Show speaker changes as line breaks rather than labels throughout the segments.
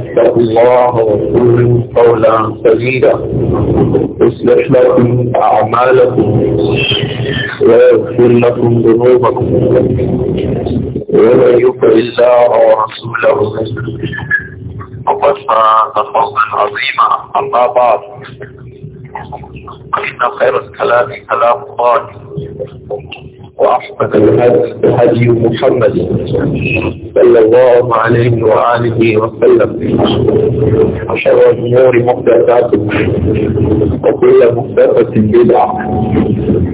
اتقوا الله وقولوا قولا سديدا يصلح لكم أعمالكم ويغفر لكم ذنوبكم ومن يطع الله ورسوله فقد فاز فوزا عظيما أما بعد فإن خير الكلام كلام الله وأحقق الهدي محمد صلى الله عليه وآله وسلم شر الأمور محدثاته وكل محدثة بدعة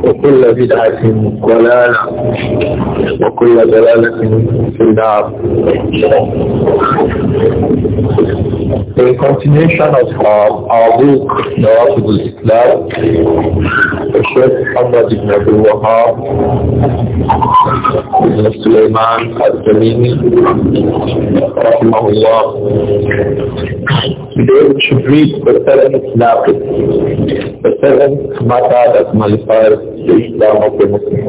وكل بدعة ضلالة وكل ضلالة في النار In continuation of our, our book, Nawafid al-Islam, the Sheikh Muhammad ibn Abdul Wahab
سليمان
التميمي رحمه الله They should read the seventh Naqid, the seventh Mata that nullifies the Islam of the Muslims.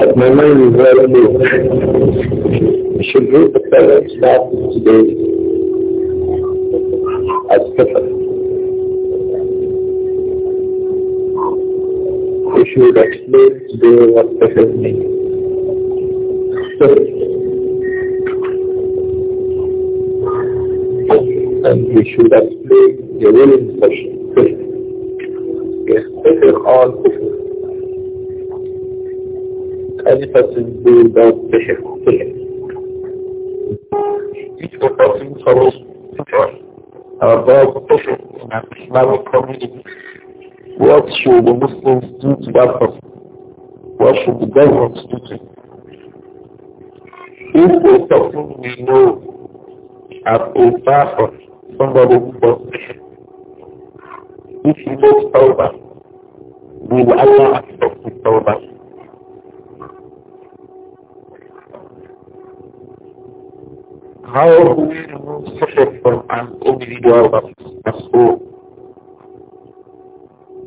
But my mind
You should read the seventh today as you should explain today what special means. and we should explain the role in special. Yes, special or special. Any person do without special. Each person follows above special and a level community.
What should the Muslims do to that person? What should the government do to
him? If the person we know as a somebody who if he makes tawbah, will Allah accept his How do we remove suffering from an individual that's, that's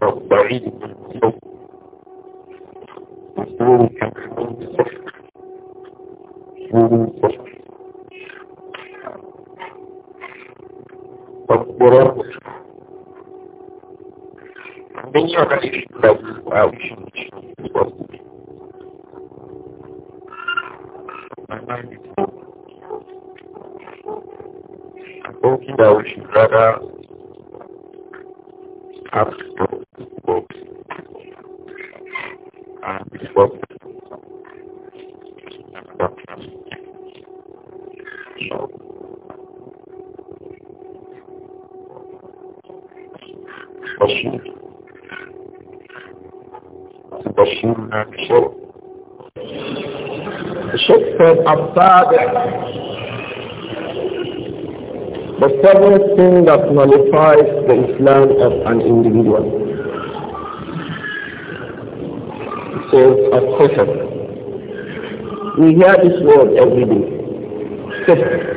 بعيد من اليوم الظهور كان حمام الصفر ظهور الصفر تكبرات من يعيش لو أعيش من برضه أنا أقول كده أعيش have stopped Bob and Bob No. Basu.
Basu and Bob. الشق الطابع The seventh thing that nullifies the Islam of an individual. It says a kufr. We hear this word every day. Kufr.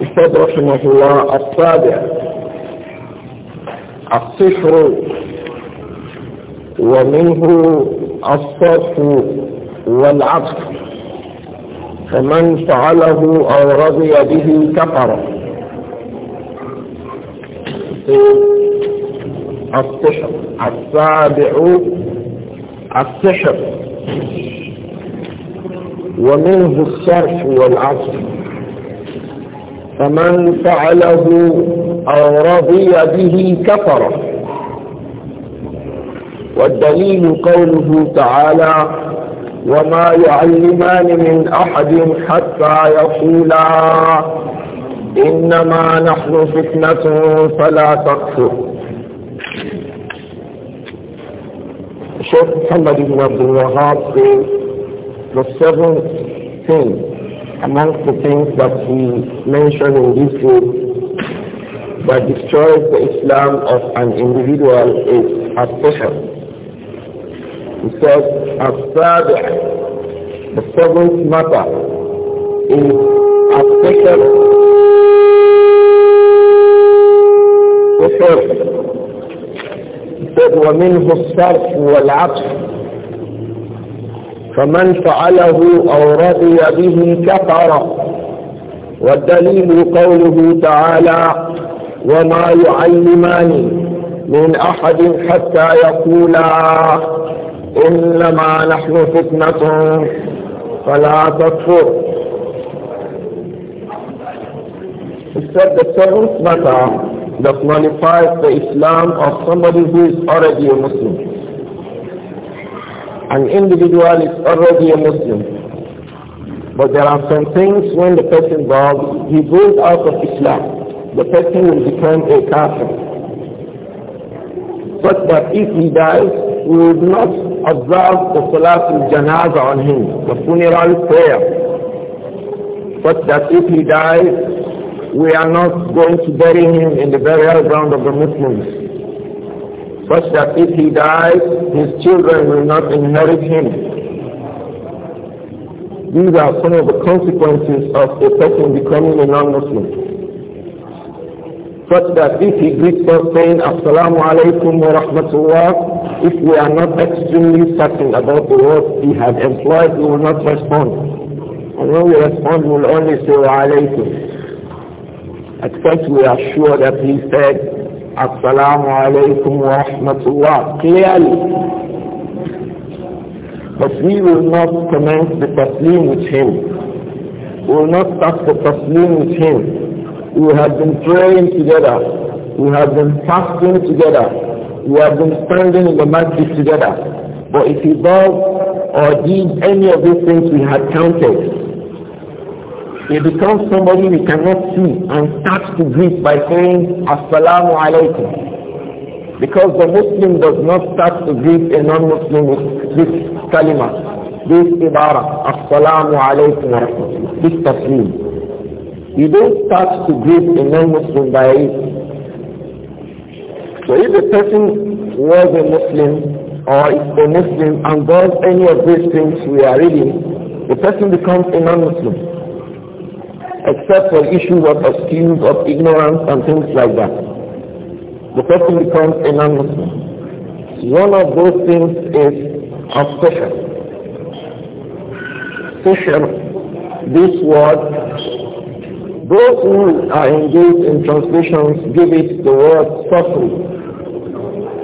It رحمه الله السابع الصفر ومنه الصرف والعطف فمن فعله أو رضي به كفر السحر السابع السحر ومنه الصرف والعصر فمن فعله أو رضي به كفر والدليل قوله تعالى وما يعلمان من أحد حتى يقولا إنما نحن فتنة فلا تكفر Sheikh Muhammad ibn Abdul Wahab في the seventh thing amongst the things that he mentioned in this book that destroys the Islam of an individual is a special. He says, as the seventh matter is affected the first. said, وَمِنْهُ الصَّرْفُ وَالْعَطْفُ فمن فعله أو رضي به كفر والدليل قوله تعالى وما يعلمان من أحد حتى يقولا إنما نحن فتنة فلا تكفر the seventh matter that nullifies the Islam of somebody who is already a Muslim. An individual is already a Muslim. But there are some things when the person goes, he goes out of Islam. The person will become a Kafir. But that if he dies, will not Observe the Salatul Janaza on him, the funeral prayer, but that if he dies, we are not going to bury him in the burial ground of the Muslims, But that if he dies, his children will not inherit him. These are some of the consequences of a person becoming a non-Muslim such that if he greets us saying Assalamu alaikum wa rahmatullah, if we are not extremely certain about the words he had employed, we will not respond. And when we respond, we will only say wa alaikum. first, we are sure that he said Assalamu alaikum wa rahmatullah clearly. But we will not commence the taslim with him. We will not start the taslim with him. We have been praying together. We have been fasting together. We have been standing in the masjid together. But if he does or did any of these things we had counted, he becomes somebody we cannot see and starts to greet by saying, Assalamu alaikum. Because the Muslim does not start to greet a non-Muslim with this kalima, this ibara, Assalamu alaikum wa rahmatullah, this taslim. You don't start to greet a non-Muslim by So if a person was a Muslim or is a Muslim and does any of these things we are reading, the person becomes a non-Muslim except for issues of excuse of ignorance and things like that. The person becomes a non-Muslim. One of those things is obsession. Obsession. this word those who are engaged in translations give it the word suffering.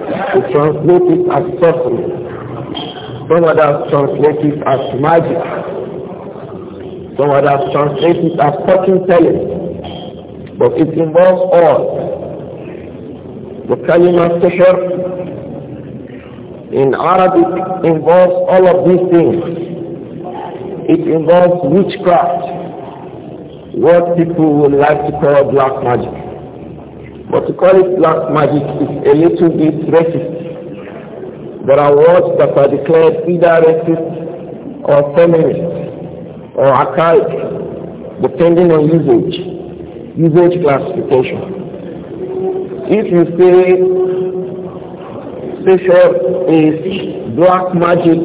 They translate it as suffering. Some others translate it as magic. Some others translate it as fortune telling. But it involves all. The kalima sihr in Arabic involves all of these things. It involves witchcraft. what people would like to call black magic. But to call it black magic is a little bit racist. There are words that are declared either racist or feminist or archaic, depending on usage, usage classification. If you say special is black magic,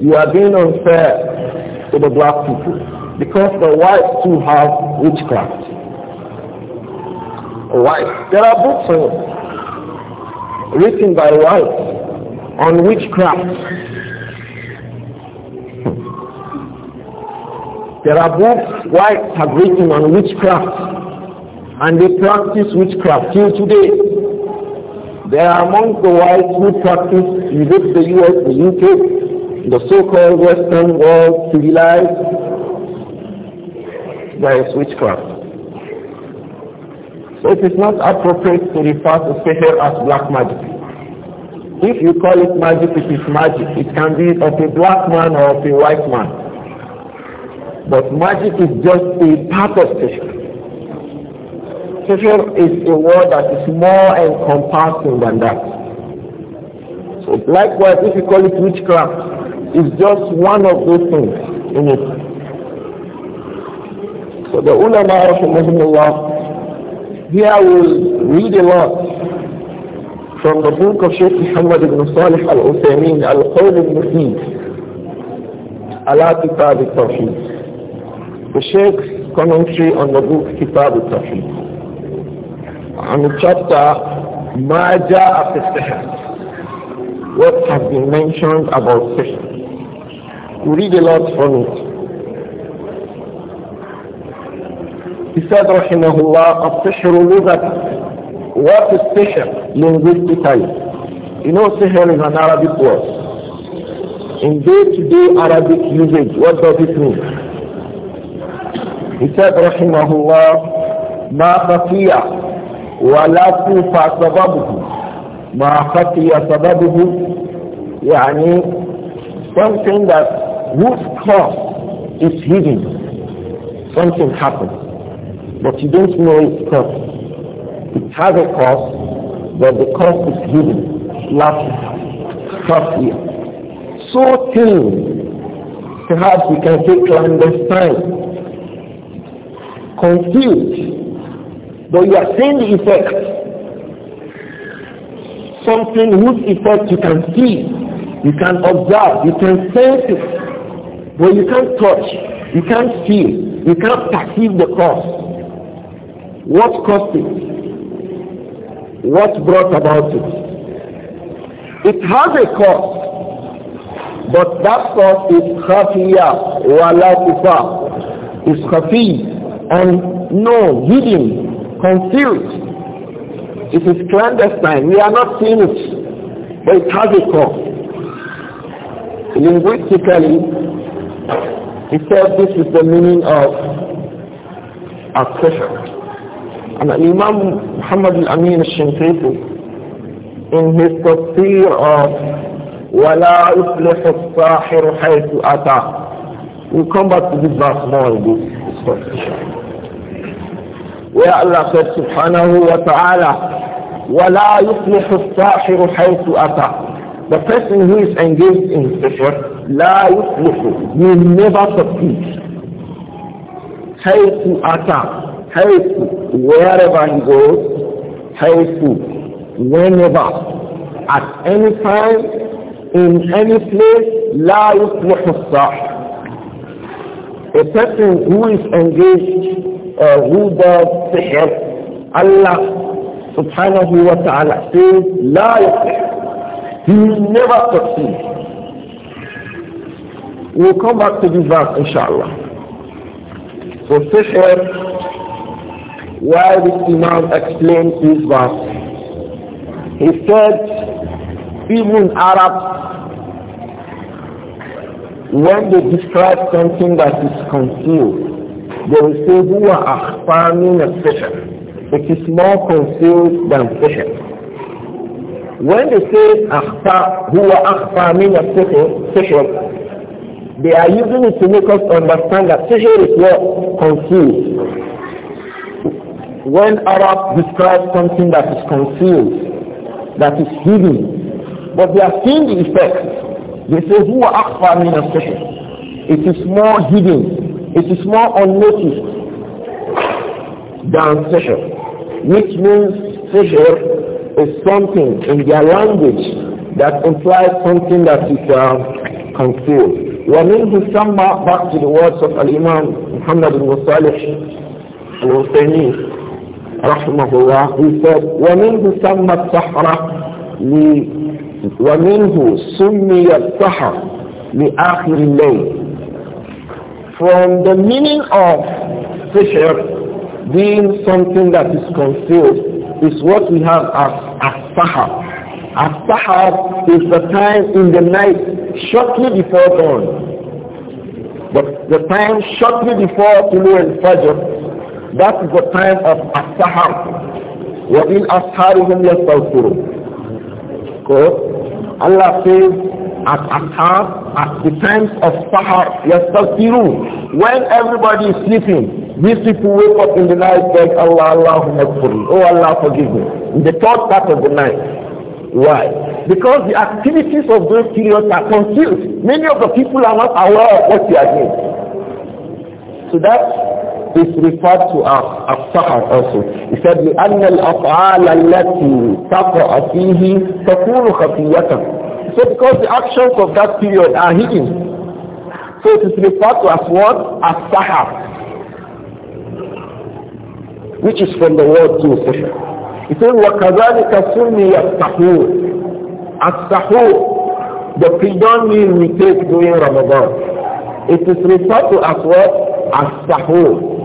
you are being unfair to the black people. because the wives too have witchcraft. Wives. There are books written by wives on witchcraft. There are books wives have written on witchcraft and they practice witchcraft till today. There are among the whites who practice in the US, the UK, the so-called Western world civilized there is witchcraft. So it is not appropriate to refer to seher as black magic. If you call it magic, it is magic. It can be of a black man or of a white man. But magic is just a part of seher. Seher is a word that is more encompassing than that. So likewise, if you call it witchcraft, it's just one of those things in it. So the ulama, rahimahumullah, here will read a lot from the book of Sheikh Muhammad ibn Salih al-Uthaymeen, Al-Qawl al-Mufid, Ala Kitab al-Tawheed. The Sheikh's commentary on the book Kitab al-Tawheed. On the chapter, Ma Ja'a What has been mentioned about sihr. We read a lot from it. He said, Rahimahullah, السحر لغة. What is sihr? Linguistically. You know sihr is an Arabic word. In day Arabic usage, what does it mean? He said, Rahimahullah, ma خفي ولا كوفى سببه ما خفي سببه something that would cause is hidden something happened but you don't know its cost. It has a cost, but the cost is hidden. Last last year. So thin, perhaps we can say clandestine, confused, but you are seeing the effect. Something whose effect you can see, you can observe, you can sense it, but you can't touch, you can't feel, you can't perceive the cause. What caused it? What brought about it? It has a cause, but that cause is khafiya wala kufa. Is khafi and no, hidden, concealed. It is clandestine. We are not seeing it, but it has a cause. Linguistically, he said this is the meaning of oppression. And Imam Muhammad al-Amin al-Shinkiti, in his tafsir of وَلَا يُفْلِحُ السَّاحِرُ حَيْثُ أَتَى We'll come back to this verse more in this discussion. Where Allah said subhanahu wa ta'ala, وَلَا يُفْلِحُ السَّاحِرُ حَيْثُ أَتَى The person who is engaged in sihr, لَا يُفْلِحُ will never succeed. حَيْثُ أَتَى حَيْثُ wherever he goes, helpful, whenever, at any time, in any place, life will الصاحب. A person who is engaged or uh, who does sihr, Allah subhanahu wa ta'ala says, لا
يصلح. He will never succeed.
We'll come back to this verse, inshallah. So sihr why this Imam explain this verse, he said, even Arabs, when they describe something that is concealed, they will say, Huwa akhfamin a It is more concealed than fishr when they say akhfa huwa akhfa min sihr they are using it to make us understand that sihr is not concealed when Arab describes something that is concealed, that is hidden, but they are seeing the effect, they say, who are akfa min It is more hidden, it is more unnoticed than sihr, which means sihr is something in their language that implies something that is uh, concealed. ومنه back to the words of Imam Muhammad بن صالح الوثيمين وَمِنْهُ السَّحْرَةِ وَمِنْهُ سُمِّيَ السَّحْرَ لِآخِرِ اللَّيْلِ From the meaning of sihr being something that is concealed is what we have as as-sahar. As-sahar is the time in the night shortly before dawn. But the time shortly before Tulu and Fajr That is the time of As-Sahar. وَإِنْ أَصْحَارِهُمْ يَسْتَغْفِرُونَ Quote, Allah says, at Ashab, at the times of Sahar, يَسْتَغْفِرُونَ When everybody is sleeping, these people wake up in the night like, Allah, Allahumma gfirli. Oh Allah, forgive me. In the third part of the night, why? Because the activities of those periods are confused. Many of the people are not aware of what they are doing. So that is referred to as as-sahar also. He said, لأن الأفعال التي تقع فيه تكون خفية. So because the actions of that period are hidden. So it is referred to as what? As-sahar. Which is from the word to sahar. He said, وَكَذَلِكَ سُمِّيَ السَّحُورِ As-sahur, the predominant we take during Ramadan. It is referred to as what? As-sahur.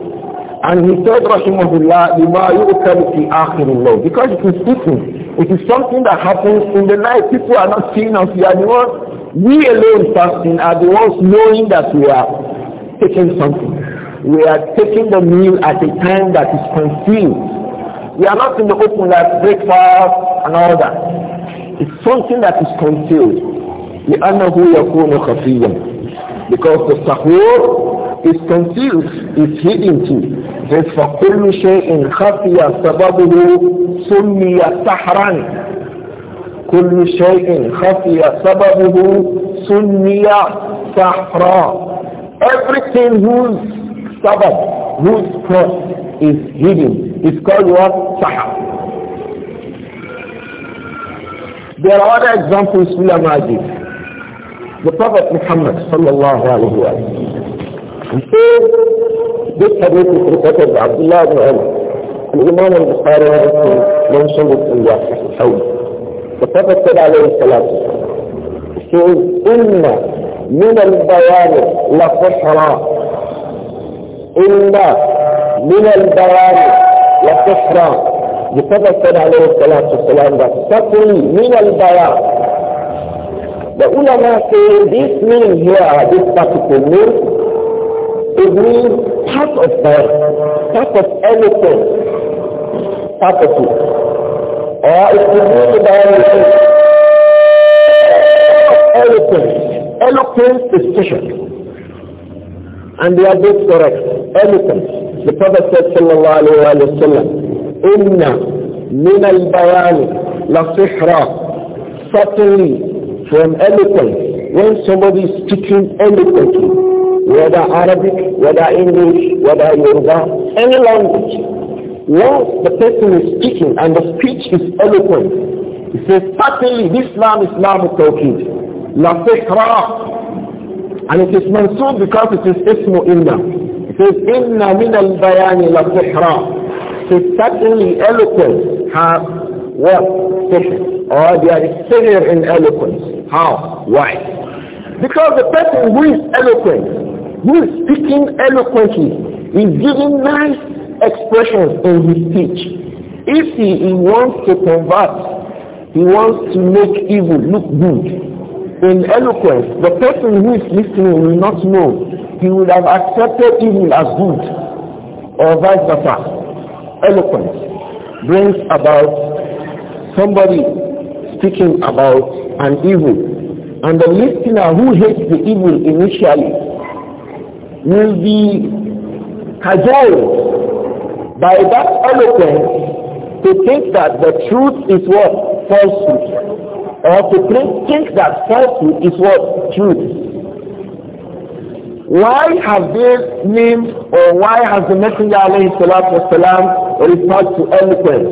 And he said, Rahimahullah, lima yu'kal fi akhir al Because it is speaking. It is something that happens in the night. People are not seeing us. We are the ones, we alone fasting are the ones knowing that we are taking something. We are taking the meal at a time that is concealed. We are not in the open like breakfast and all that. It's something that is concealed. لأنه يكون خفيا because the sahur is confused, is hidden too. There's for كل شيء خفي سببه سمي سحرا كل شيء خفي سببه سمي سحرا Everything whose sabab, whose cross is hidden, is called what? Sahra. There are other examples we are The Prophet Muhammad sallallahu alayhi wa sallam حسين بيت حديث الكتاب عبد الله بن عمر الإمام البخاري هذا منصوب إياه الحوي وقد قال عليه الصلاة والسلام إن من البيان لسحرا إن من البيان لسحرا يتبتل عليه الصلاة والسلام تقي من البيان The ما say this هي here, this particular part of God, part of anything, part of it. Or if you think about it, eloquence, eloquence is vision. And they are both correct. Eloquence. The Prophet said, sallallahu alayhi wa sallam, inna min al-bayani la sihra, certainly from eloquence, when somebody is speaking eloquence whether Arabic, whether English, whether Yoruba, any language. Once the person is speaking and the speech is eloquent, he says, certainly this Islam is Islam talking, La Fikhra. And it is mansub because it is Ismu Inna. It says, Inna min al-bayani la Fikhra. It says, certainly eloquence has what? Sihr. Or oh, there is sihr in eloquence. How? Why? Because the person who is eloquent who is speaking eloquently, is giving nice expressions in his speech. If he, he wants to convert, he wants to make evil look good, in eloquence, the person who is listening will not know. He would have accepted evil as good or vice versa. Eloquence brings about somebody speaking about an evil. And the listener who hates the evil initially will be cajoled by that eloquence to think that the truth is what? Falsehood. Or to think that falsehood is what? Truth why have they named or why has the messenger alayhi salatu wasalam referred to eloquence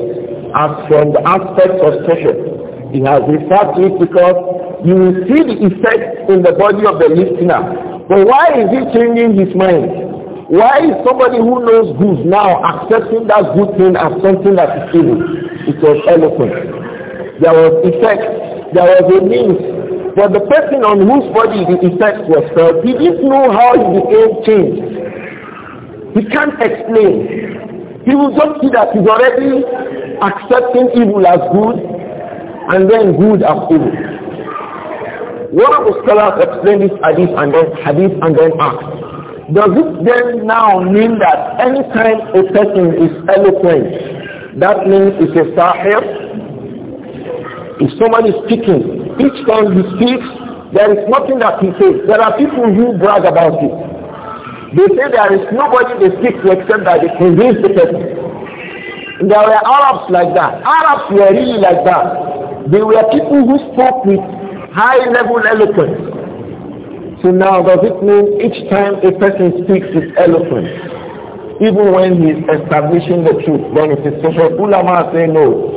as from the aspect of session he has referred to it because you will see the effect in the body of the listener But why is he changing his mind? Why is somebody who knows good now accepting that good thing as something that is evil? It was eloquent. There was effect. There was a means. But the person on whose body the effect was felt, he didn't know how he became changed. He can't explain. He will just see that he's already accepting evil as good and then good as evil. One of the scholars explained this hadith and then hadith and then asked, does it then now mean that any time a person is eloquent, that means it's a sahir? If someone is speaking, each time he speaks, there is nothing that he says. There are people who brag about it. They say there is nobody they speak to except that they convince the person. There were Arabs like that. Arabs were really like that. They were people who spoke with high level eloquence. So now does it mean each time a person speaks with eloquence, even when he is establishing the truth, then it is social. Ulama say no.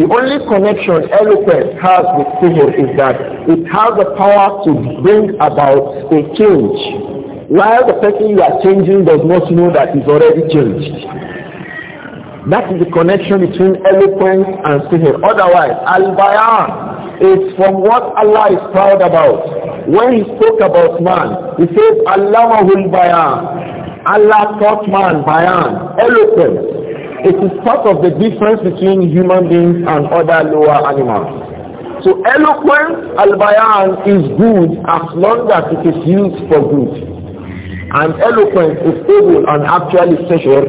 The only connection eloquence has with sihr is that it has the power to bring about a change. While the person you are changing does not know that he's already changed. That is the connection between eloquence and sihr. Otherwise, al-bayan, is from what Allah is proud about. When he spoke about man, he says, Allahul Bayan. Allah taught man Bayan, eloquence. It is part of the difference between human beings and other lower animals. So eloquence, al-bayan, is good as long as it is used for good. And eloquence is evil and actually treasure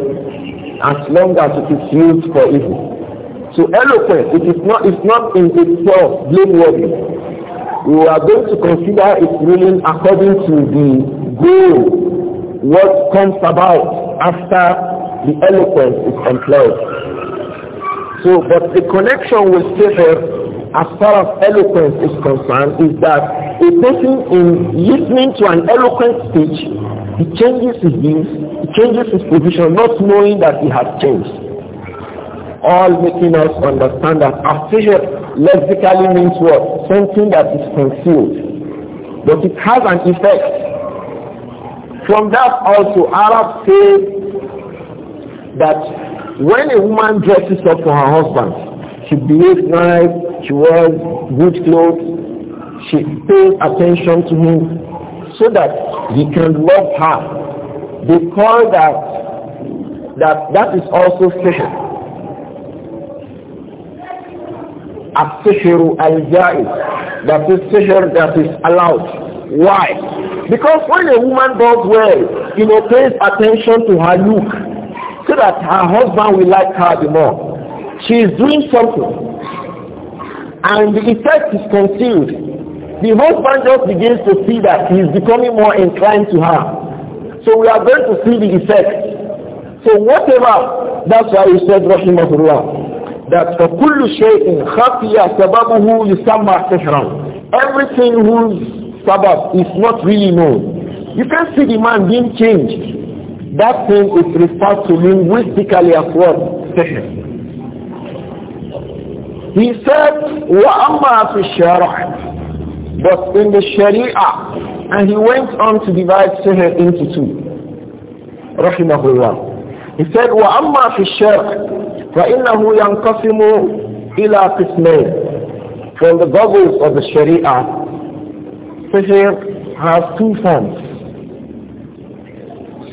as long as it is used for evil. So eloquence, it is not, it's not in itself blameworthy. We are going to consider its meaning according to the goal, what comes about after the eloquence is employed. So, but the connection with Sefer, as far as eloquence is concerned, is that a person in listening to an eloquent speech, he changes his views, he changes his position, not knowing that he has changed all making us understand that asihr lexically means what? Something that is concealed. But it has an effect. From that also, Arabs say that when a woman dresses up for her husband, she behaves nice, she wears good clothes, she pays attention to him so that he can love her. They call that that that is also sihr As-sihru al That is sihr that is allowed. Why? Because when a woman does well, you know, pays attention to her look so that her husband will like her the more. She is doing something and the effect is concealed. The husband just begins to see that he is becoming more inclined to her. So we are going to see the effect. So whatever, that's why we said Rahimahullah. that for kullu shay'in khafiya sababuhu yusamma sihran. Everything whose sabab is not really known. You can see the man being changed. That thing is referred to linguistically as what? Sihr. He said, I to share?" But in the Sharia, and he went on to divide sihr into two. رحمه الله he said, وَأَمَّا فِي الشِّرْكِ فَإِنَّهُ يَنْقَسِمُ إِلَى قِسْمَيْنِ From the goggles of the Sharia, Sihir has two forms.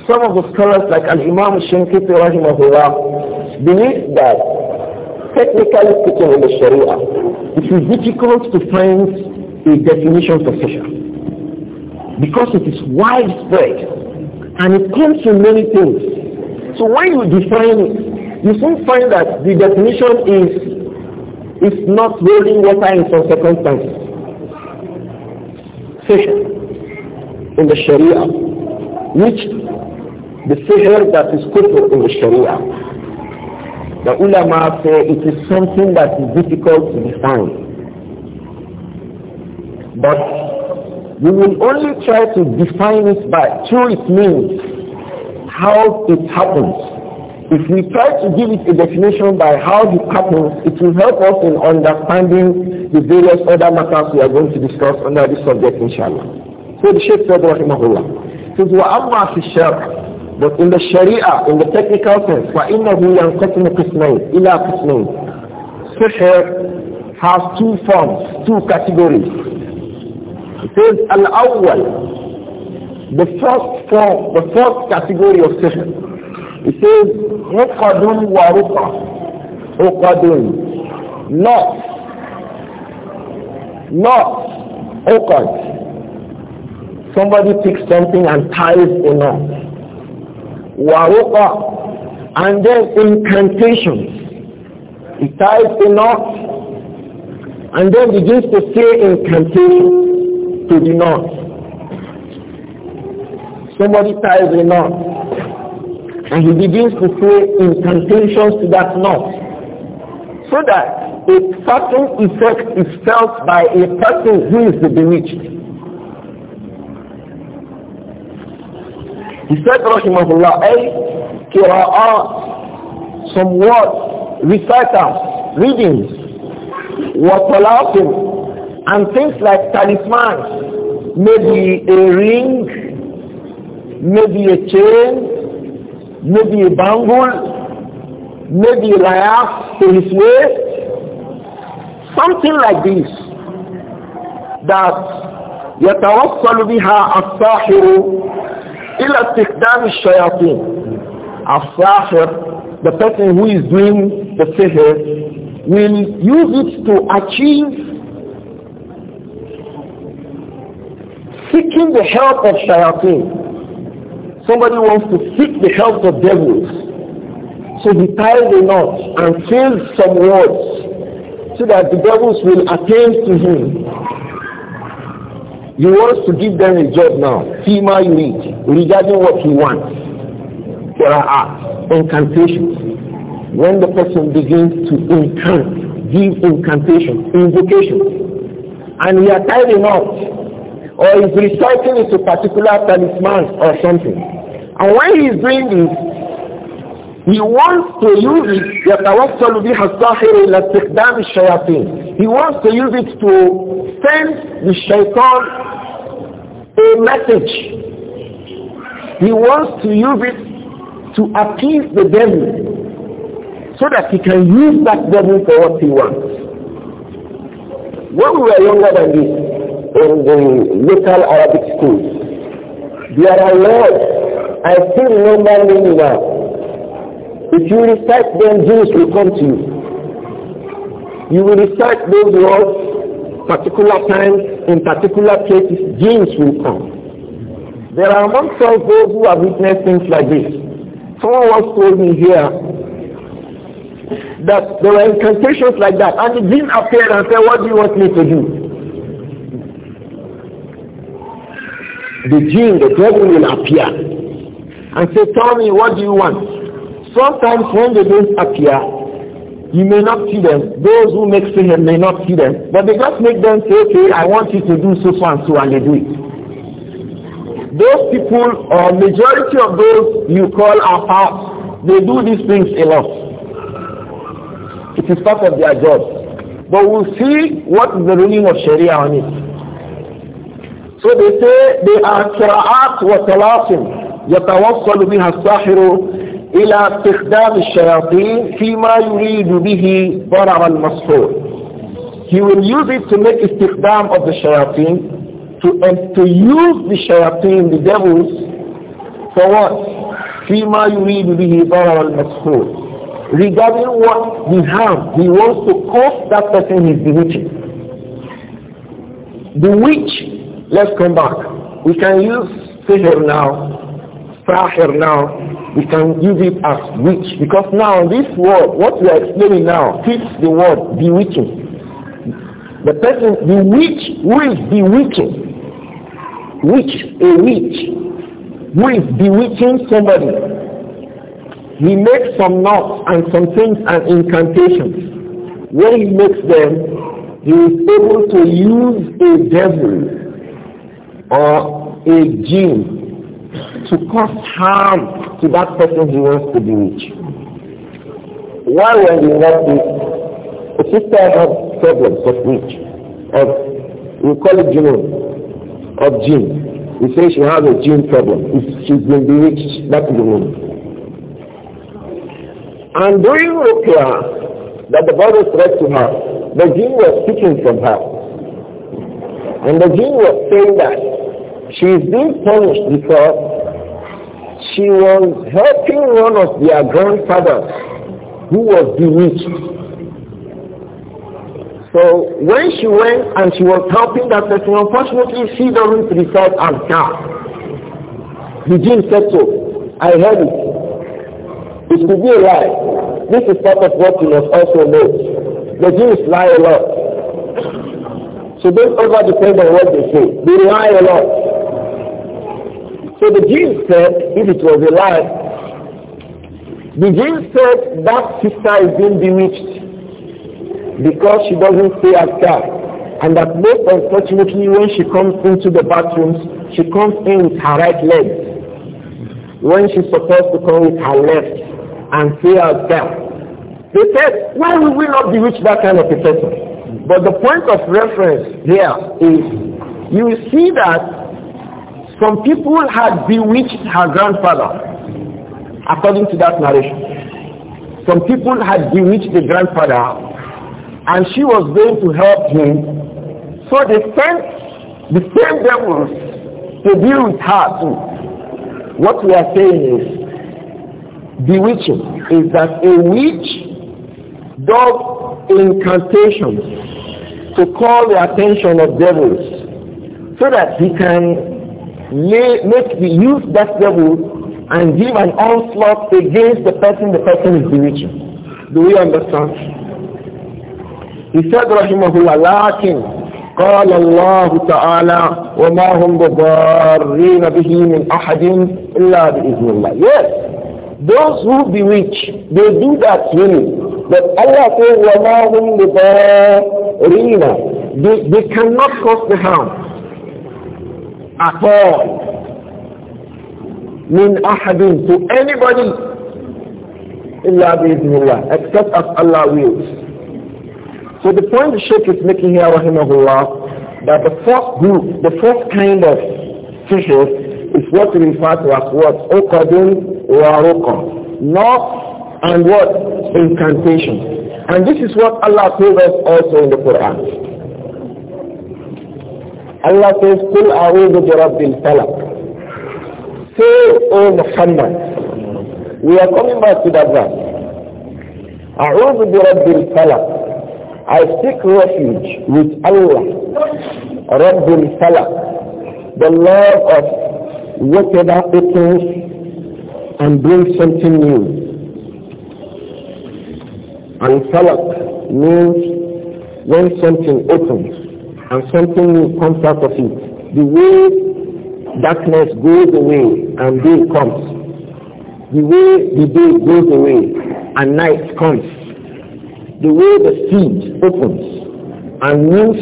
Some of the scholars like Al-Imam Shinkiti rahimahullah believe that technically speaking in the Sharia, it is difficult to find a definition for Sihir because it is widespread and it comes from many things. So when you define it, you soon find that the definition is is not rolling water in some circumstances. Fisher in the Sharia, which the sihr that is quoted in the Sharia. The ulama say it is something that is difficult to define. But we will only try to define it by through its means how it happens. If we try to give it a definition by how it happens, it will help us in understanding the various other matters we are going to discuss under this subject, inshallah. So the Shaykh said, rahimahullah, says, وَأَمَّا فِي الشَّرْعِ But in the Sharia, in the technical sense, وَإِنَّهُ يَنْقَسِمُ قِسْمَيْنِ إِلَى قِسْمَيْنِ Sihr has two forms, two categories. It says, al the first form, the first category of sihr. It says, Uqadun wa ruqa. Uqadun. Not. Not. Uqad. Somebody picks something and ties a knot. waruka, And then incantations. He ties a knot and then begins to say incantations to the north. Somebody ties a knot and he begins to say incantations to that knot so that a certain effect is felt by a person who is the bewitched. He said, Rahimahullah,
a
kira'at, some words, recitals, readings, watalatim, and things like talismans, maybe a ring, maybe a chain, maybe a bangle, maybe a liar to his waist, something like this that يتوصل بها الساحر إلى استخدام الشياطين الساحر the person who is doing the sihr will use it to achieve seeking the help of shayateen Somebody wants to seek the help of devils. So he ties a knot and fills some words so that the devils will attend to him. He wants to give them a job now, FEMA unit, regarding what he wants. There are incantations. When the person begins to incant, give incantation, invocation, and he are tied a knot, or is reciting it to particular talisman or something. And when he is doing this, he wants to use it يتوصل بها الساحر إلى استخدام الشياطين. He wants to use it to send the shaitan a message. He wants to use it to appease the devil so that he can use that devil for what he wants. When we were younger than this, in the local Arabic schools, there are laws I still remember many now. If you recite them, Jews will come to you. You will recite those words, particular times, in particular places, Jews will come. There are amongst us those who have witnessed things like this. Someone once told me here that there were incantations like that, and the jinn appeared and said, what do you want me to do? the jinn, the devil will appear and say, tell me, what do you want? Sometimes when they don't appear, you may not see them. Those who make sihr may not see them. But they just make them say, okay, I want you to do so, so and so, and they do it. Those people, or majority of those you call are fast, they do these things a lot. It is part of their job. But we'll see what is the ruling of Sharia on it. So they say they are qira'at wa talasim. يتوصل بها الساحر إلى استخدام الشياطين فيما يريد به ضرر المسحور He will use it to make استخدام of the shayateen to, and to use the shayateen, the devils, for what? فيما يريد به ضرر المسحور regarding what he has, he wants to cause that person his bewitching. The witch, let's come back. We can use sihr now sahir now, we can use it as witch. Because now this word, what we are explaining now, fits the word bewitching. The person, the witch, who is bewitching? Witch, a witch, who is bewitching somebody. He makes some knots and some things and incantations. When he makes them, he is able to use a devil or a demon to cause harm to that person he wants to be rich. Why were you not this? A sister had problems of which, of, we call it know, of gene. We say she has a gene problem. If she's been bewitched, that's the name. And during Rukia, that the Bible said to her, the gene was speaking from her. And the gene was saying that she is being punished because she was helping one of their grandfathers who was bewitched. So when she went and she was helping that person, unfortunately she doesn't recite The Jews said so. I heard it. It could be a lie. This is part of what you must also know. The Jews lie a lot. So don't ever depend on what they say. They lie a lot. So the Jews said, if it was a lie, the Jews said that sister is being bewitched because she doesn't stay at God. And that most unfortunately when she comes into the bathrooms, she comes in with her right leg. When she's supposed to come with her left and stay at God. They said, why would we not bewitch that kind of a person? But the point of reference here is you see that some people had bewitched her grandfather, according to that narration. Some people had bewitched the grandfather, and she was going to help him. So they sent the same devils to deal with her too. What we are saying is, bewitching is that a witch does incantations to call the attention of devils so that he can May make the use that devil and give an onslaught against the person the person is bewitching. Do we understand? He said, رحمه لكن قال الله تعالى وما هم بضارين به من أحد إلا بإذن الله. Yes, those who bewitch, they do that really. But Allah says, وما هم بضارين. They, they cannot cause the harm at all. Min ahadin to anybody. Illa biiznillah. Except as Allah wills. So the point the Sheikh is making here, rahimahullah, that the first group, the first kind of fishes, is what we refer to as what? Uqadun wa ruqa. Not and what? Incantation. And this is what Allah told us also in the Quran. Allah says, "Pull a'udhu bi rabbil falaq. Say, O Muhammad. We are coming back to that verse. A'udhu bi rabbil falaq. I seek refuge with Allah, Rabbul Falaq, the Lord of whatever opens and brings something new. And Falaq means when something opens and something new comes out of it. The way darkness goes away and day comes. The way the day goes away and night comes. The way the seed opens and new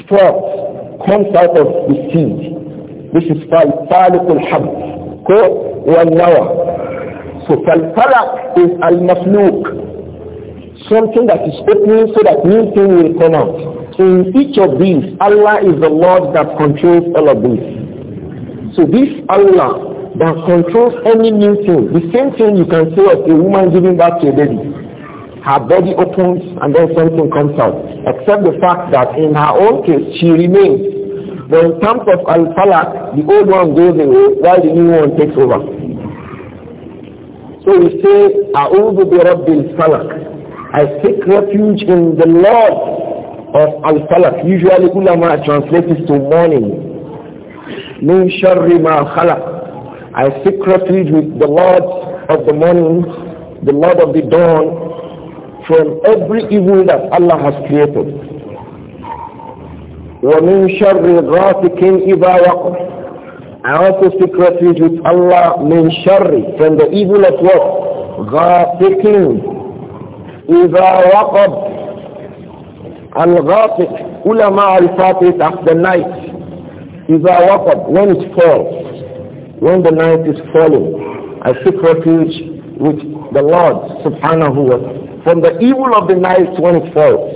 sprouts comes out of the seed. This is called الحب كو والنوى so فالفلق is al-mafluq something that is opening so that new thing will come out in each of these, Allah is the Lord that controls all of these. So this Allah that controls any new thing, the same thing you can say of a woman giving birth to a baby her body opens and then something comes out. Except the fact that in her own case, she remains. But in terms of al-falak, the old one goes away while the new one takes over. So we say, I seek refuge in the Lord of al-falak. Usually ulama translates it to morning. Min sharri ma khalaq. I seek with the Lord of the morning, the Lord of the dawn, from every evil that Allah has created. Wa min شَرِّ غَاسِكٍ إِذَا waqab, I also seek with Allah min sharri, from the evil of what? غَاسِكٍ إِذَا waqab. Al-Ghafiq, ulama al-fatih after the night. Is our waqab, when it falls, when the night is falling, I seek refuge with the Lord subhanahu wa ta'ala from the evil of the night when it falls.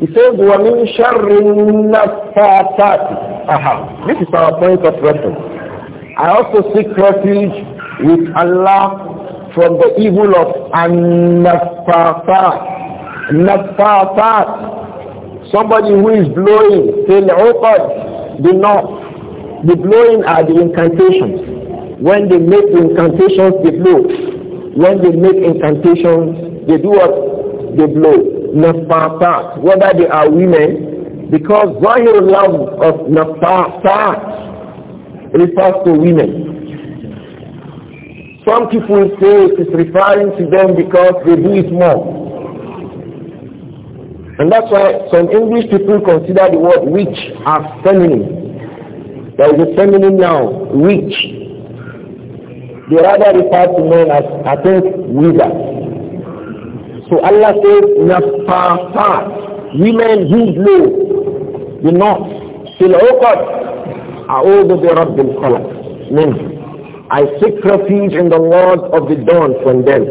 He says, وَمِن شَرِّ النَّفَّاتَاتِ Aha. This is our point of reference. I also seek refuge with Allah from the evil of an Nafafat. Somebody who is blowing. Fil uqad. The knot. The blowing are the incantations. When they make incantations, they blow. When they make incantations, they do what? They blow. Nafafat. Whether they are women, because Zahir love of Nafafat refers to women. Some people say it is referring to them because they do it more. And that's why some English people consider the word witch as feminine. There is a feminine noun, witch. They rather refer to men as, I think, wizard. So Allah says, Nafafat, women who blew the north, Sil'uqat, A'udhu bi Rabbil color." means, I seek refuge in the Lord of the dawn from them.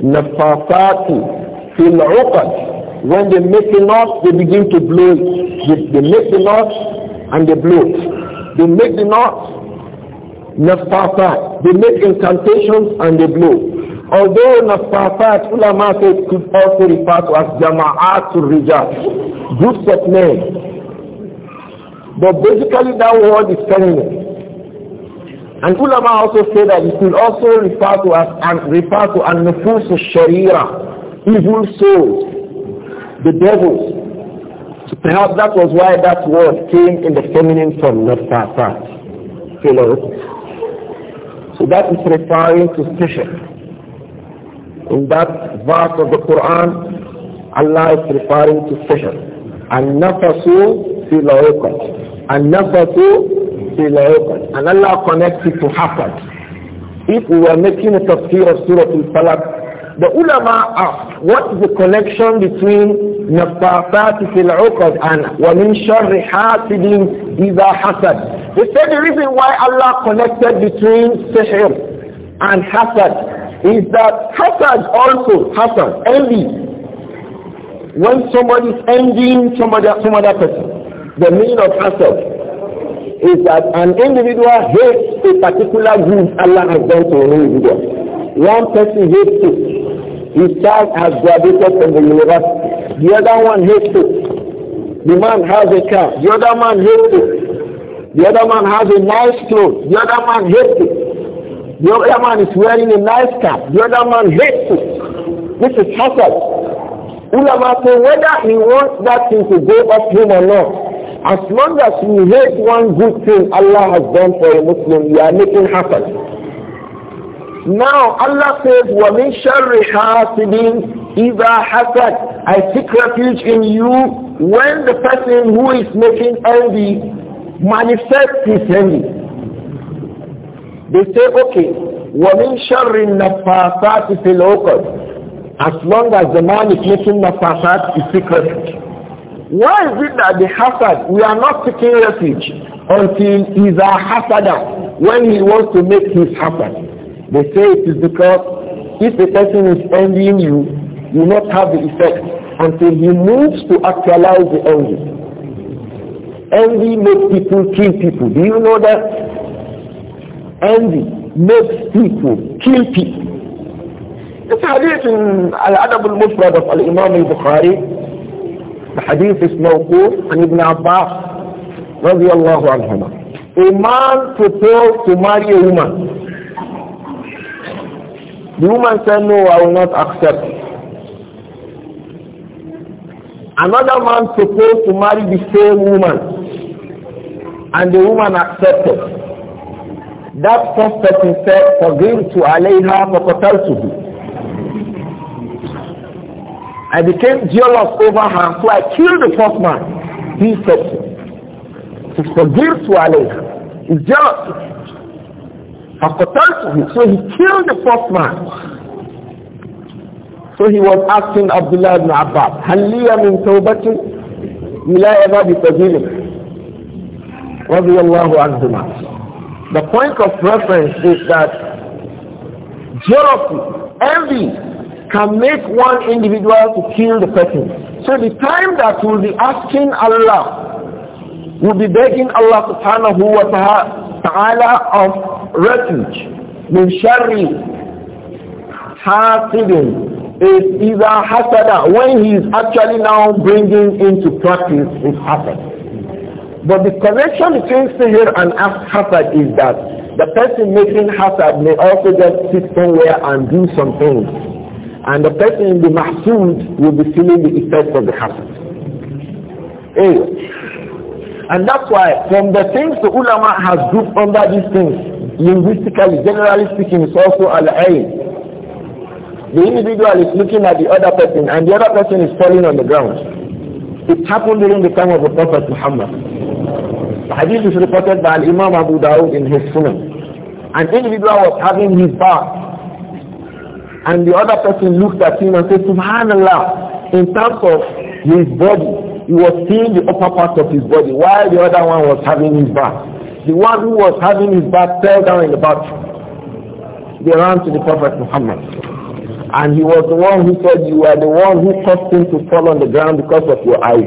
Nafafati, opened. When they make the knot, they begin to blow it. They, they make the knot and they blow it. They make the knot, nafafat. They make incantations and they blow. Although nafafat, ulama said, could also refer to as jama'atul rijal, groups of men. But basically that word is feminine. And ulama also say that it will also refer to as and refer to an nufus Sharira, evil souls the devils. So perhaps that was why that word came in the feminine form, not far Hello. So that is referring to sihr. In that verse of the Quran, Allah is referring to sihr. And nafasu fil And nafasu fil And Allah connects it to hasad. If we were making a tafsir of Surah Al-Falaq, the ulama asked, what is the connection between nafafat fil uqad and wa min sharri hasidin idha hasad? They said the reason why Allah connected between sihr and hasad is that hasad also, hasad, envy. When somebody is envying somebody, some other person, the meaning of hasad is that an individual hates a particular good Allah has done to an individual. One person hates it. His child has graduated from the university. The other one hates it. The man has a car. The other man hates it. The other man has a nice clothes. The other man hates it. The other man is wearing a nice cap. The other man hates it. This is hazard. Ulama say whether he wants that thing to go off him or not, as long as we hate one good thing Allah has done for a Muslim, we are making hazard. Now Allah says, وَمِن شَرِّ حَاسِدٍ إِذَا حَسَدْ I seek refuge in you when the person who is making envy manifests his envy. They say, okay, وَمِن شَرِّ النَّفَّاسَاتِ فِي الْعُقَدْ As long as the man is making nafasat, he seek refuge. Why is it that the hasad, we are not seeking refuge until he's a hasadah, when he wants to make his hasad? They say it is because if the person is envying you, you will not have the effect until he moves to actualize the envy. Envy makes people kill people. Do you know that? Envy makes people kill people. This hadith in Al-Adab al-Mufrad of Al-Imam al-Bukhari. The hadith is mawquf and Ibn Abbas radiallahu anhuma. A man proposed to marry a woman. The woman said, no, I will not accept. Another man proposed to marry the same woman, and the woman accepted. That first person said, forgive to Alayha be." I became jealous over her, so I killed the first man. He said, to forgive to Alayha. He's jealous. So he killed the first man. So he was asking Abdullah ibn Abbas, هَلِّيَ مِنْ تَوْبَةٍ مِلَا يَبَا Allah رضي الله عنهما. The point of reference is that jealousy, envy, can make one individual to kill the person. So the time that will be asking Allah, will be begging Allah subhanahu wa ta'ala of refuge min sharri hasidin is either hasada when he is actually now bringing into practice his hasad. But the connection between sihr and hasad is that the person making hasad may also just sit somewhere and do some things. And the person in the mahsud will be feeling the effect of the hasad. Anyway. And that's why from the things the ulama has grouped under these things, linguistically, generally speaking, is also al-ayn. The individual is looking at the other person and the other person is falling on the ground. It happened during the time of the Prophet Muhammad. The hadith is reported by Imam Abu Dawud in his Sunan. An individual was having his bath and the other person looked at him and said, Subhanallah, in terms of his body, he was seeing the upper part of his body while the other one was having his bath the one who was having his back fell down in the bathroom. They ran to the Prophet Muhammad. And he was the one who said, you are the one who caused him to fall on the ground because of your eyes.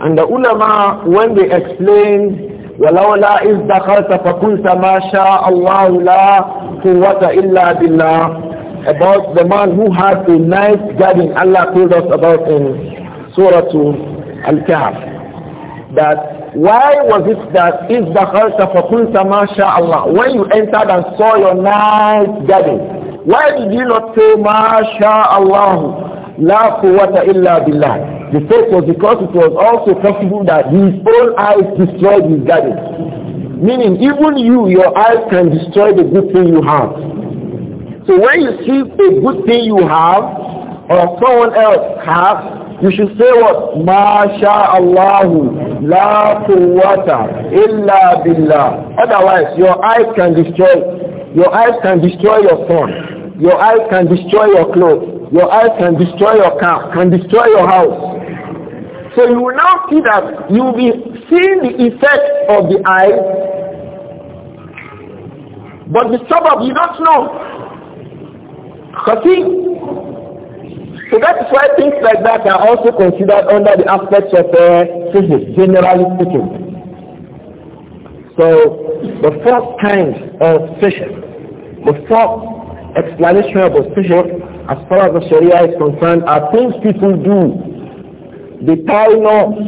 And the ulama, when they explained ولولا إذ دخلت فقلت ما شاء الله لا قوة إلا بالله about the man who had a nice garden Allah told us about in Surah Al-Kahf that why was it that if the fakulta Allah, when you entered and saw your nice garden, why did you not say Allah, la quwwata illa billah? The fact was because it was also possible that his own eyes destroyed his garden. Meaning even you, your eyes can destroy the good thing you have. So when you see a good thing you have or someone else has, you should say what? Allahu la quwwata illa billah. Otherwise, your eyes can destroy. Your eyes can destroy your son. Your eyes can destroy your clothes. Your eyes can destroy your car, can destroy your house. So you will now see that you will be seeing the effect of the eye, but the suburb you don't know. Khati, that is why things like that are also considered under the aspects of uh, physics, generally speaking. So the fourth kind of fission, the fourth explanation of the fission as far as the Sharia is concerned are things people do. They tie knots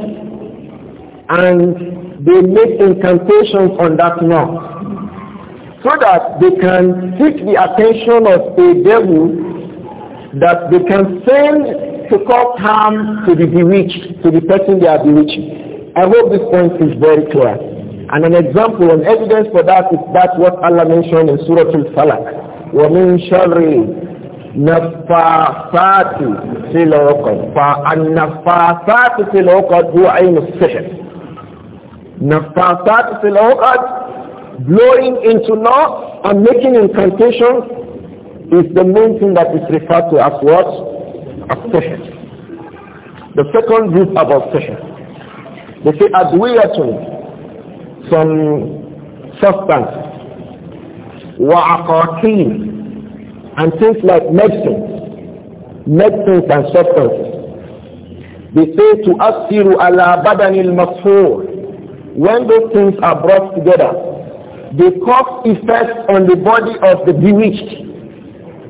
and they make incantations on that knot so that they can seek the attention of a devil that they can send to cause harm to the bewitched, to the person they are bewitching. I hope this point is very clear. And an example and evidence for that is that what Allah mentioned in Surah Al-Falaq. وَمِن شَرِّ نَفَّاثَاتِ فِي الْعُقَدِ فَالنَّفَّاثَاتُ فِي الْعُقَدِ هُوَ عَيْنُ السِّحْرِ نَفَّاثَاتُ فِي الْعُقَدِ blowing into knots and making incantations is the main thing that is referred to as what? As sihr. The second group about sihr. They say as we are told, some substance, wa'aqaqeen, and things like medicines, medicines and substances. They say to asiru ala badanil masfur. When those things are brought together, they cause effects on the body of the bewitched.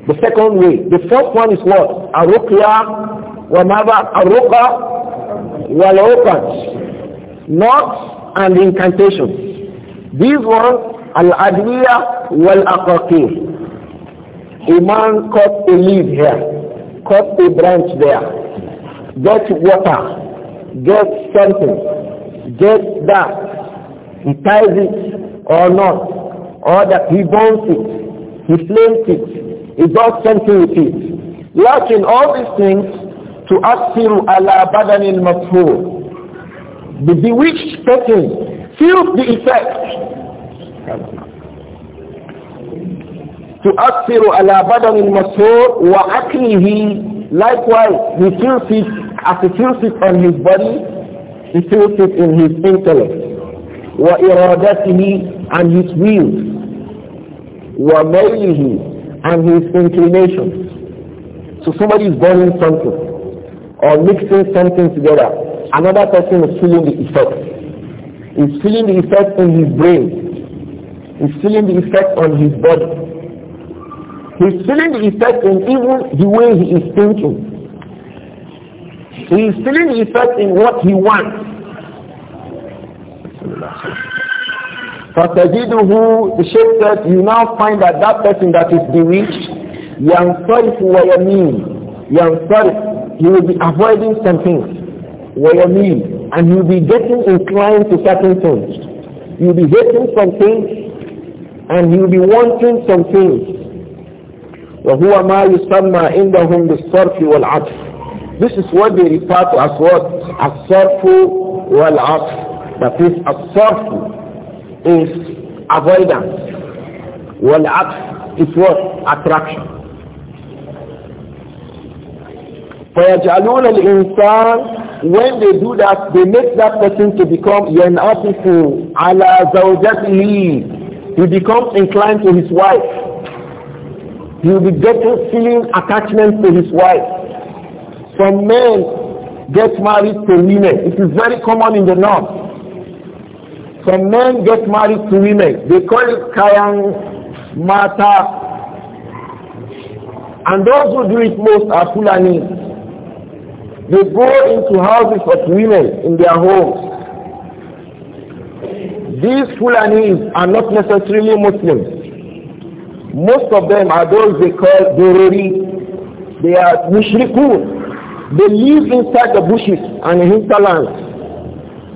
The second way. The first one is what? Aruqya wa maba aruqa wal Knots and incantations. These ones, al-adwiya wal aqaqir. A man cut a leaf here, cut a branch there, get water, get something, get that, he ties it or not, or that he burns it, he flames it, it does something to it. lacking all these things to asiru ala badanil mafhur. The bewitched person feels the effect. To تؤثر على بدن المسحور وأكله likewise he feels it as he feels it on his body he feels it in his intellect وإرادته and his will وميله and his inclinations. So somebody is burning something or mixing something together. Another person is feeling the effect. He's feeling the effect in his brain. He's feeling the effect on his body. He's feeling the effect in even the way he is thinking. He's feeling the effect in what he wants. فَتَجِدُهُ The Shaykh said, you now find that that person that is bewitched, يَنْصَرِفُ وَيَمِينُ يَنْصَرِفُ He will be avoiding some things. وَيَمِينُ And he will be getting inclined to certain things. He will be hating some things and he will be wanting some things. وَهُوَ مَا يُسَمَّى عِنْدَهُمْ بِالصَّرْفِ وَالْعَطْفِ This is what they refer to as what? As-sarfu wal-atf. That is, is avoidance. Well, acts is what? Attraction. When they do that, they make that person to become يَنْأَفِفُ عَلَى زَوْجَتِهِ He becomes inclined to his wife. He will be getting feeling attachment to his wife. Some men get married to women. It is very common in the north. Some men get married to women. They call it Kayan Mata. And those who do it most are Fulani. They go into houses of women in their homes. These Fulanis are not necessarily Muslims. Most of them are those they call Dorori. They are Mushrikun. They live inside the bushes and hinterlands.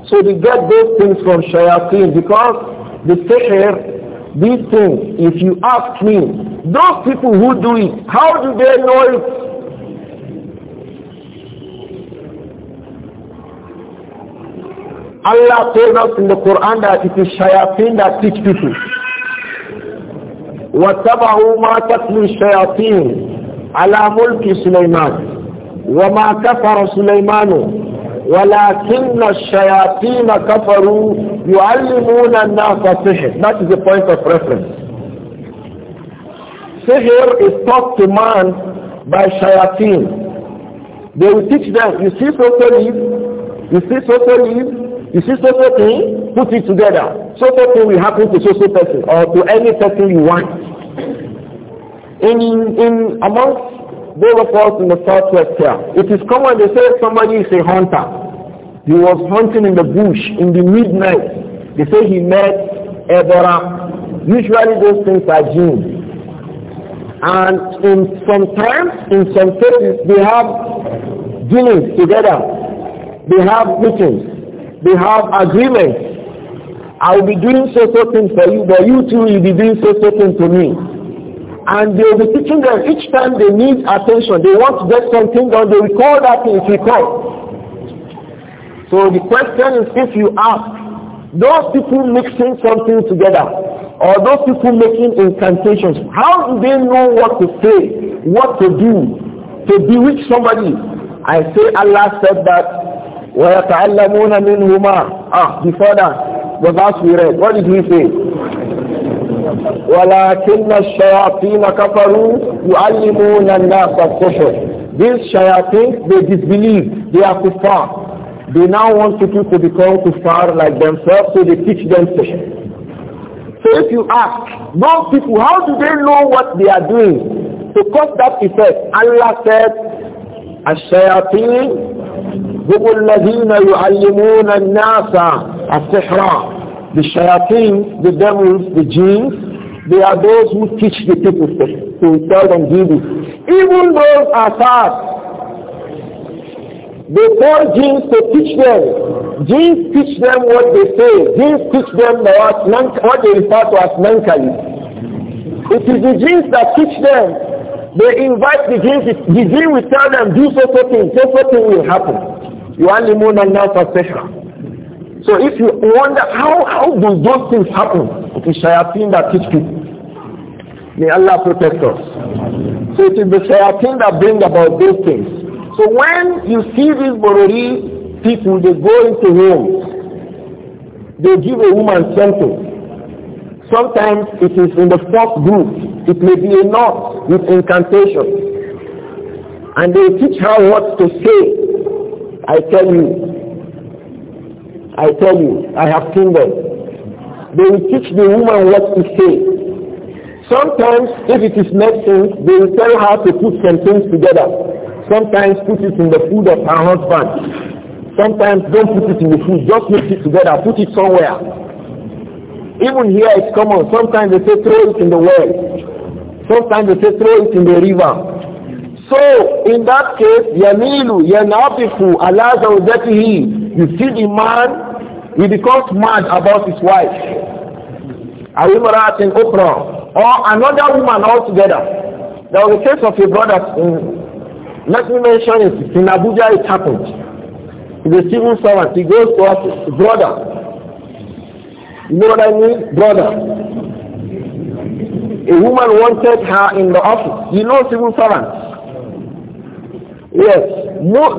So they get those things from shayateen because the sihr these things, if you ask me, those people who do it, how do they know it? Allah told us in the Quran that it is shayateen that teach people. وَاتَّبَعُوا مَا تَتْلُو الشَّيَاطِينُ عَلَى مُلْكِ سُلَيْمَانَ وَمَا كَفَرَ سُلَيْمَانُ وَلَكِنَّ الشَّيَاطِينَ كَفَرُوا يُعَلِّمُونَ النَّاسَ سِحْرًا That is the point of reference. Sihr is taught to man by shayateen. They will teach them, you see so leaf, you see so leaf, you see so thing, put it together. So thing will happen to so person or to any person you want. In, in amongst they of us in the southwest here, it is common they say somebody is a hunter. He was hunting in the bush in the midnight. They say he met Ebora. Usually those things are genes. And in sometimes, in some cases, they have dealings together. They have meetings. They have agreements. I will be doing so things for you, but you too will be doing so things to me. And they will be teaching them each time they need attention. They want to get something done, they recall that thing, it will So the question is if you ask, those people mixing something together, or those people making incantations, how do they know what to say, what to do, to bewitch somebody? I say Allah said that وَيَتَعَلَّمُونَ مِنْهُمَا Ah, before that, the verse we read, what did he say? وَلَكِنَّ الشَّيَاطِينَ كَفَرُوا يُعَلِّمُونَ النَّاسَ السُّحْرَ These shayateen, they disbelieve, they are kuffar. They now want people to become kuffar like themselves, so they teach them sihr. So if you ask, those people, how do they know what they are doing? To cause that effect, Allah said, الشياطين هم الذين يعلمون الناس السحر the shayateen, the devils, the jinns, they are those who teach the people to tell them evil. Even those are sad. They tell jinns to teach them. Jinns teach them what they say. Jinns teach them what, what they refer to as mentally. It is the jinns that teach them they invite the jinn, the jinn will tell them, do so so thing, so so thing will happen. and now special. So if you wonder how, how do those things happen, it is shayatin that teach people. May Allah protect us. So it is the shayatin that bring about those things. So when you see these Borori people, they go into homes. They give a woman something. Sometimes it is in the fourth group. It may be a knot with incantation. And they teach her what to say. I tell you, I tell you, I have seen them. They will teach the woman what to say. Sometimes, if it is medicine, they will tell her to put some things together. Sometimes put it in the food of her husband. Sometimes don't put it in the food, just mix it together, put it somewhere. Even here it's common. Sometimes they say throw it in the well. Sometimes they say throw it in the river. So in that case, Yamilu, Yanafifu, Allah you see the man he becomes mad about his wife. Awimara in Okra. Or another woman altogether. There was a case of a brother in, let me mention it, in Abuja it happened. He's a civil servant. He goes to his brother. You know what I mean? Brother a woman wanted her in the office. You know civil servants. Yes.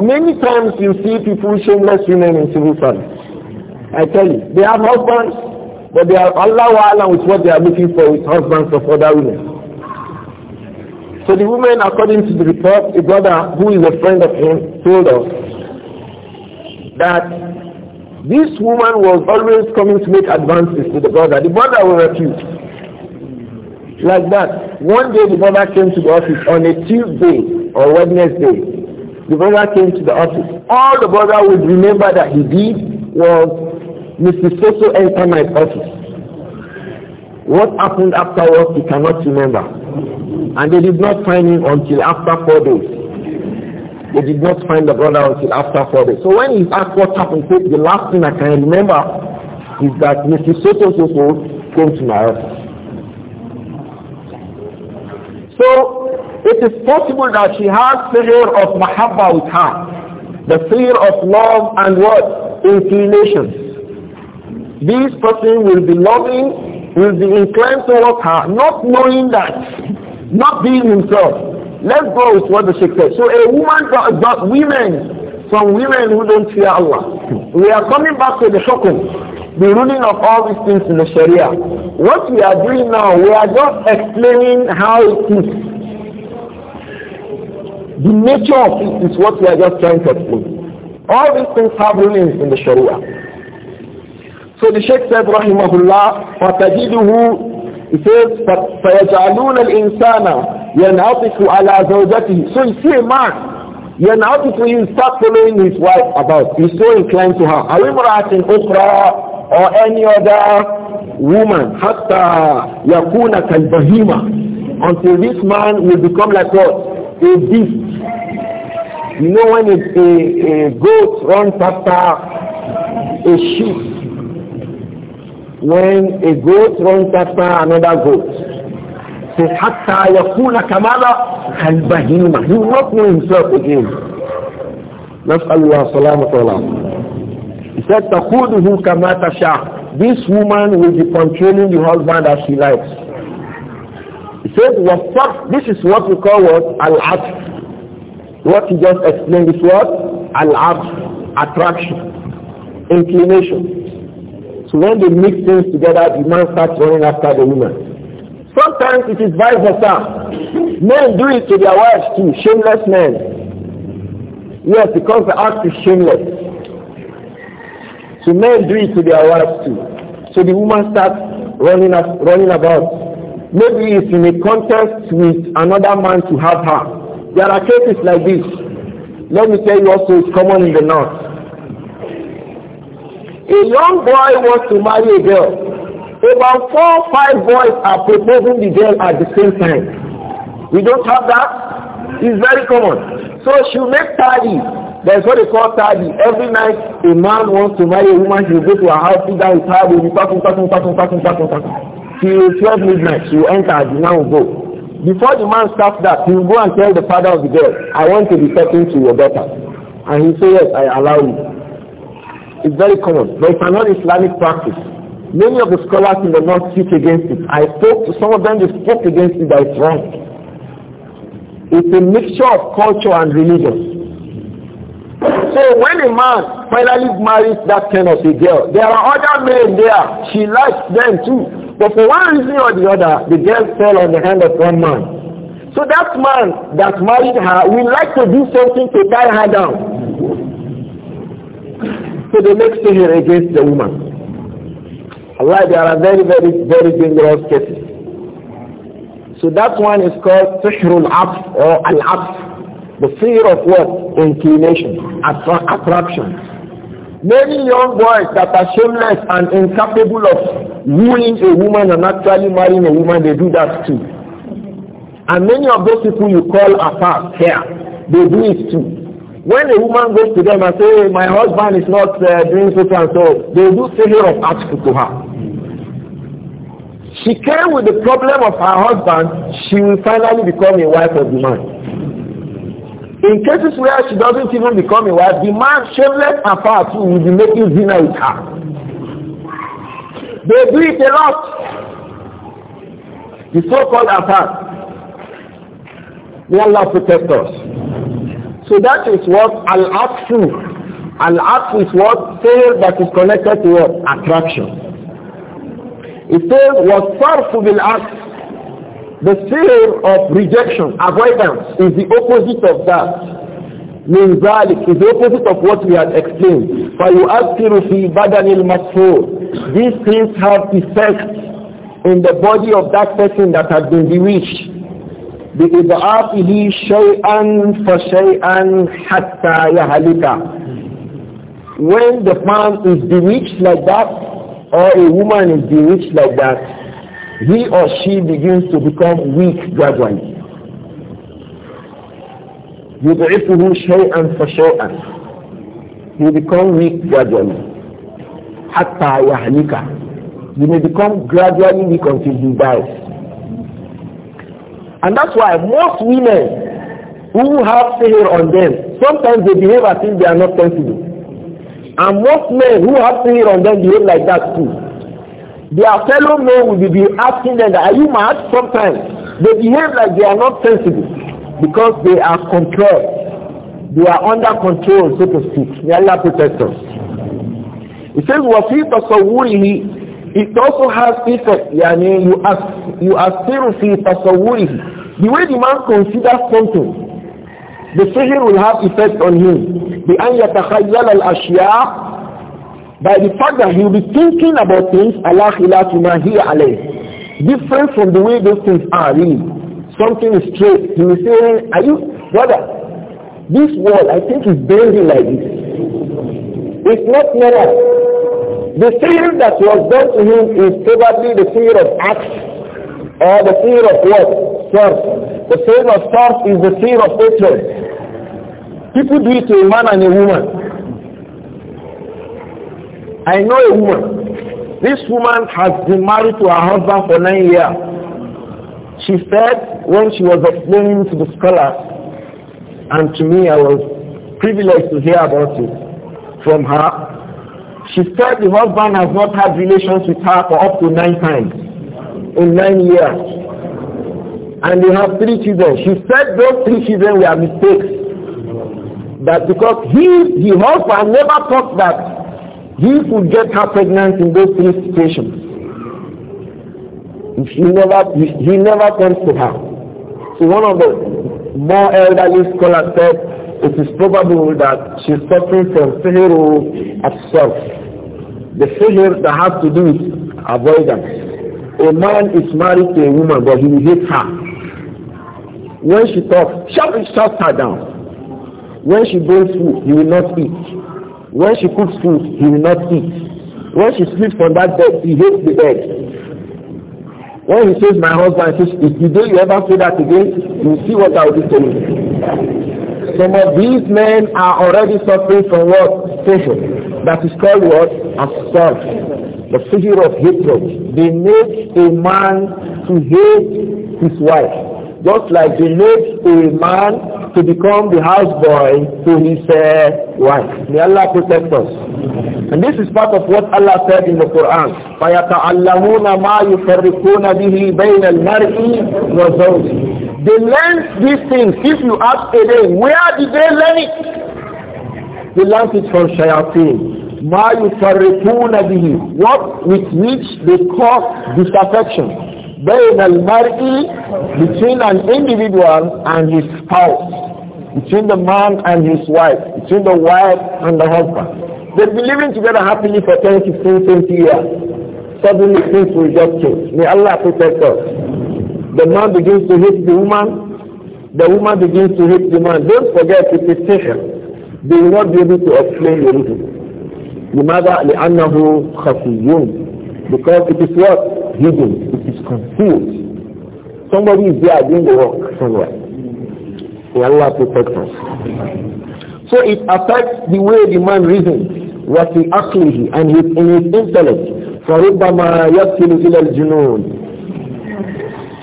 many times you see people shameless women in civil servants. I tell you, they have husbands, but they are Allah Allah with what they are looking for with husbands of other women. So the woman, according to the report, a brother who is a friend of him told us that this woman was always coming to make advances to the brother. The brother will refuse. Like that. One day the brother came to the office on a Tuesday or Wednesday. The brother came to the office. All the brother would remember that he did was Mrs. Soso entered my office. What happened afterwards, he cannot remember. And they did not find him until after four days. They did not find the brother until after four days. So when he asked what happened, he said, the last thing I can remember is that Mrs. Soto Soso came to my office. So it is possible that she has fear of mahabba with her. The fear of love and what? Inclinations this person will be loving, will be inclined towards her, not knowing that, not being himself. Let's go with what the Sheikh said. So a woman, but women, some women who don't fear Allah. We are coming back to the hukum, the ruling of all these things in the Sharia. What we are doing now, we are just explaining how it is. The nature of it is what we are just trying to explain. All these things have rulings in the Sharia. So the Sheikh said, Rahimahullah, وَتَجِدُهُ He says, فَيَجْعَلُونَ الْإِنسَانَ يَنْعَطِفُ عَلَى زَوْجَتِهِ So you see a man, ينعطف he start following his wife about. He's so inclined to her. أو امرأة أخرى or any other woman حتى يكون كالبهيمة until this man will become like what? A beast. You know when a, a, a goat runs after a sheep, when a goat runs after another goat. Say, Hatta yakuna kamala al-bahima. He will not know himself again. نسأل الله سلامة والعافية. He said, تقوده كما تشاء. This woman will be controlling the husband as she likes. He said, وَالصَّرْف This is what we call what? Al-Atf. What he just explained is what? Al-Atf. Attraction. Inclination. So when they mix things together, the man starts running after the woman. Sometimes it is vice versa. Men do it to their wives too, shameless men. Yes, because the act is shameless. So men do it to their wives too. So the woman starts running, up, running about. Maybe it's in a contest with another man to have her. There are cases like this. Let me tell you also, it's common in the north. A young boy wants to marry a girl. About four, five boys are proposing the girl at the same time. We don't have that. It's very common. So she makes make tidy. That's what they call tidy. Every night a man wants to marry a woman, he'll go to her house, sit down with her, will be talking, talking, talking, talking, talking, talking. Till 12 midnight, she will enter, the man will go. Before the man starts that, he will go and tell the father of the girl, I want to be talking to your daughter. And he says, yes, I allow you. It's very common, but it's an non-Islamic practice. Many of the scholars in the north speak against it. I spoke to some of them, they spoke against it that it's wrong. It's a mixture of culture and religion. So when a man finally marries that kind of a girl, there are other men there. She likes them too. But for one reason or the other, the girl fell on the hand of one man. So that man that married her will like to do something to tie her down. So next thing sihr against the woman. Allah, there are very, very, very dangerous cases. So that one is called sihrul abs or al-abs. The fear of what? Inclination, attra attraction. Many young boys that are shameless and incapable of wooing a woman and actually marrying a woman, they do that too. And many of those people you call apart here, they do it too. When a woman goes to them and says, my husband is not uh, doing so and so, they do failure of attribute to her. She came with the problem of her husband, she will finally become a wife of the man. In cases where she doesn't even become a wife, the man, shameless and far too, will be making dinner with her. They do it a lot. The so-called affair. May Allah protect us. So that is what al-atfu. Al-atfu is what? fear that is connected to what? Attraction. It says, will بِالْعَطْفِ The fear of rejection, avoidance, is the opposite of that. Means that is is the opposite of what we had explained. فَيُؤَثِّرُ فِي بَدَنِ الْمَسْفُورِ These things have effects in the body of that person that has been bewitched. بإضعافه شيئا فشيئا حتى يهلك when the man is bewitched like that or a woman is bewitched like that he or she begins to become weak gradually يضعفه شيئا فشيئا he become weak gradually حتى يهلك he may become gradually weak until he dies And that's why most women who have fear on them, sometimes they behave as if they are not sensible. And most men who have fear on them behave like that too. Their fellow men will be asking them, are you mad? Sometimes they behave like they are not sensible because they are controlled. They are under control, so to speak. May Allah protect us. It says, وَفِي تَصَوُّرِهِ It also has effect, yani you as you as a tasawwurihi. The way the man considers something, the sihr will have effect on him. The an yatakhayyal al-ashya by the fact that he will be thinking about things Allah khilatu ma hiya alayh. Different from the way those things are really. Something is straight. He will say, are you, brother, this wall I think is bending like this. It's not narrow. The fear that was done to him is probably the fear of acts or the fear of what? Thirst. The fear of thirst is the fear of hatred. People do it to a man and a woman. I know a woman. This woman has been married to her husband for nine years. She said when she was explaining to the scholars, and to me I was privileged to hear about it from her, she said the husband has not had relations with her for up to nine times in nine years. And they have three children. She said those three children were mistakes. That because he, the husband never thought that he could get her pregnant in those three situations. She never, he never comes to her. So one of the more elderly scholars said, it is probable that she is suffering from sihiru itself. The sihir that has to do with avoidance. A man is married to a woman but he hates her. When she talks, shut, shut her down. When she brings food, he will not eat. When she cooks food, he will not eat. When she sleeps on that bed, he hates the bed when he says my husband says if you do, you ever say that again you see what i will do to you Some of these men are already suffering from what? Station. That is called what? Assault. The figure of hatred. They make a man to hate his wife. Just like they make a man to become the houseboy to his uh, wife. May Allah protect us. And this is part of what Allah said in the Quran. فَيَتَعَلَّمُونَ مَا يُفَرِّقُونَ بِهِ بَيْنَ الْمَرْءِ وَزَوْجِهِ they learn these things. If you ask day, where did they learn it? They learned it from Shayateen. Ma yufarrifuna bihi. What with which they cause disaffection. بين المرء between an individual and his spouse between the man and his wife between the wife and the husband they've been living together happily for 10 15 20 years suddenly things will just change may allah protect us the man begins to hate the woman. The woman begins to hate the man. Don't forget the sihr. They will not be able to explain the reason. لماذا؟ لأنه خفي because it is what? Hidden. It is concealed. Somebody is there doing the work somewhere. May Allah protect us. So it affects the way the man reasons, what he actually and his, in his intellect. فَرُبَّمَا يَبْتِلُ إِلَى الْجُنُونِ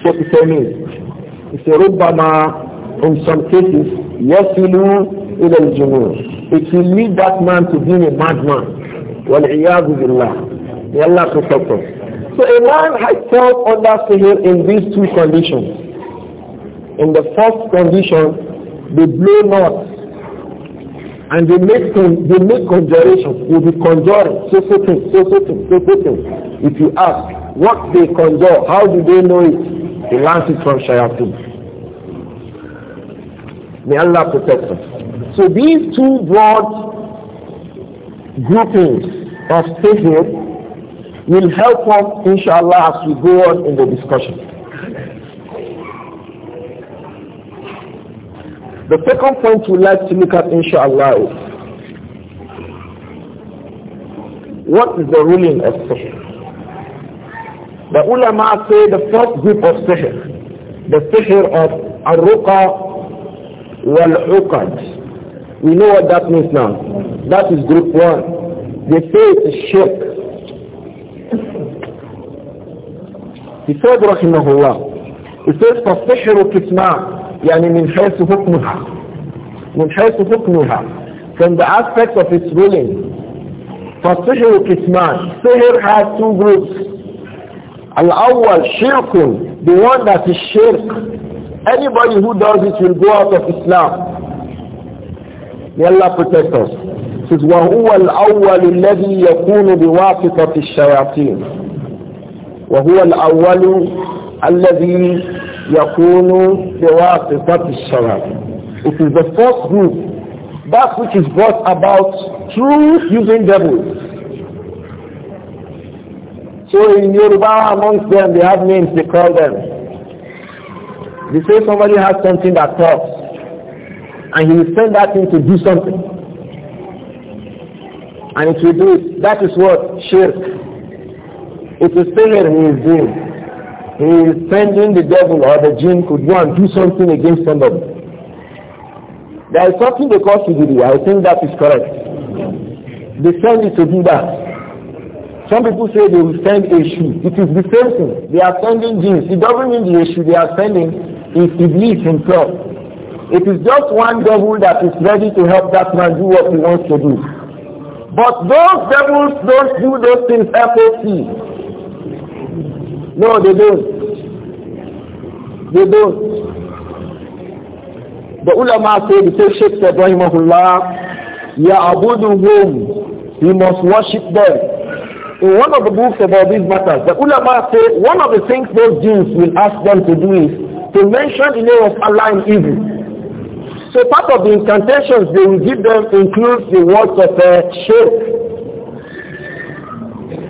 Sheikh Uthaymeen. He said, Rubbama, in some cases, yasilu ila al-jumur. It will lead that man to being a madman. Wal-iyadu billah. May Allah protect us. So a man has felt under Sahel in these two conditions. In the first condition, they blow not and they make they make conjuration. You'll be conjuring so so thing, so so thing, so so thing. If you ask what they conjure, how do they know it? He learns it from shayateen. May Allah protect us. So these two broad groupings of statements will help us, inshallah, as we go on in the discussion. The second point we'd like to look at, inshallah, is what is the ruling of Sahih? The ulama say the first group of sihr, the sihr of al-ruqa wal-uqad. We know what that means now. That is group one. They say it's shirk. He said rahimahullah, he says فَالسِحْرُ كِتْمَانِ يعني من حيث حكمها من حيث حكمها from the aspect of its ruling فَالسِحْرُ كِتْمَانِ Sihr has two groups Al-awwal shirkun, the one that is shirk. Anybody who does it will go out of Islam. May Allah protect us. It says, وَهُوَ الْأَوَّلُ الَّذِي يَكُونُ بِوَاسِطَةِ الشَّيَاطِينِ وَهُوَ الْأَوَّلُ الَّذِي يَكُونُ بِوَاسِطَةِ الشَّيَاطِينِ It is the first group, that which is brought about through using devils. So in Yoruba, amongst them, they have names, they call them. They say somebody has something that talks, and he will send that thing to do something. And if you do it, that is what shirk. It is prayer he is doing. He is sending the devil or the jinn could go and do something against somebody. There is something they call do. I think that is correct. They send it to do that. Some people say they will send a shoe. It is the same thing. They are sending jeans. It doesn't mean the issue they are sending is Iblis himself. It is just one devil that is ready to help that man do what he wants to do. But those devils don't do those things FOC. No, they don't. They don't. The ulama say, the Sheikh Ibrahimahullah, يَعْبُدُهُمْ He must worship them in one of the books about these matters, the ulama say one of the things those Jews will ask them to do is to mention the name of Allah in evil. So part of the incantations they will give them includes the words of uh, shirk.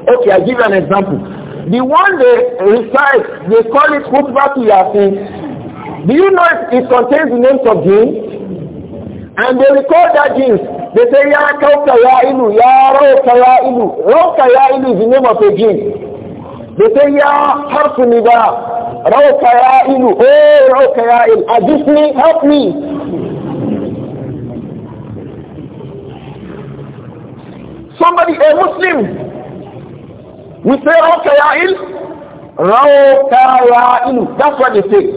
Okay, I'll give you an example. The one they recite, they call it Hukbatu Yasin. Do you know it, it contains the names of jinn? And they record that jinns they say, Ya Kauka Ya Ilu, Ya Rauka Ya Ilu. Rauka Ya Ilu is the name of a jinn. They say, Ya Harfu Nida, Rauka Ya Ilu, Oh Rauka Ya Ilu, assist me, help me. Somebody, a Muslim, we say Rauka Ya Il, Rauka Ya Ilu. That's what they say.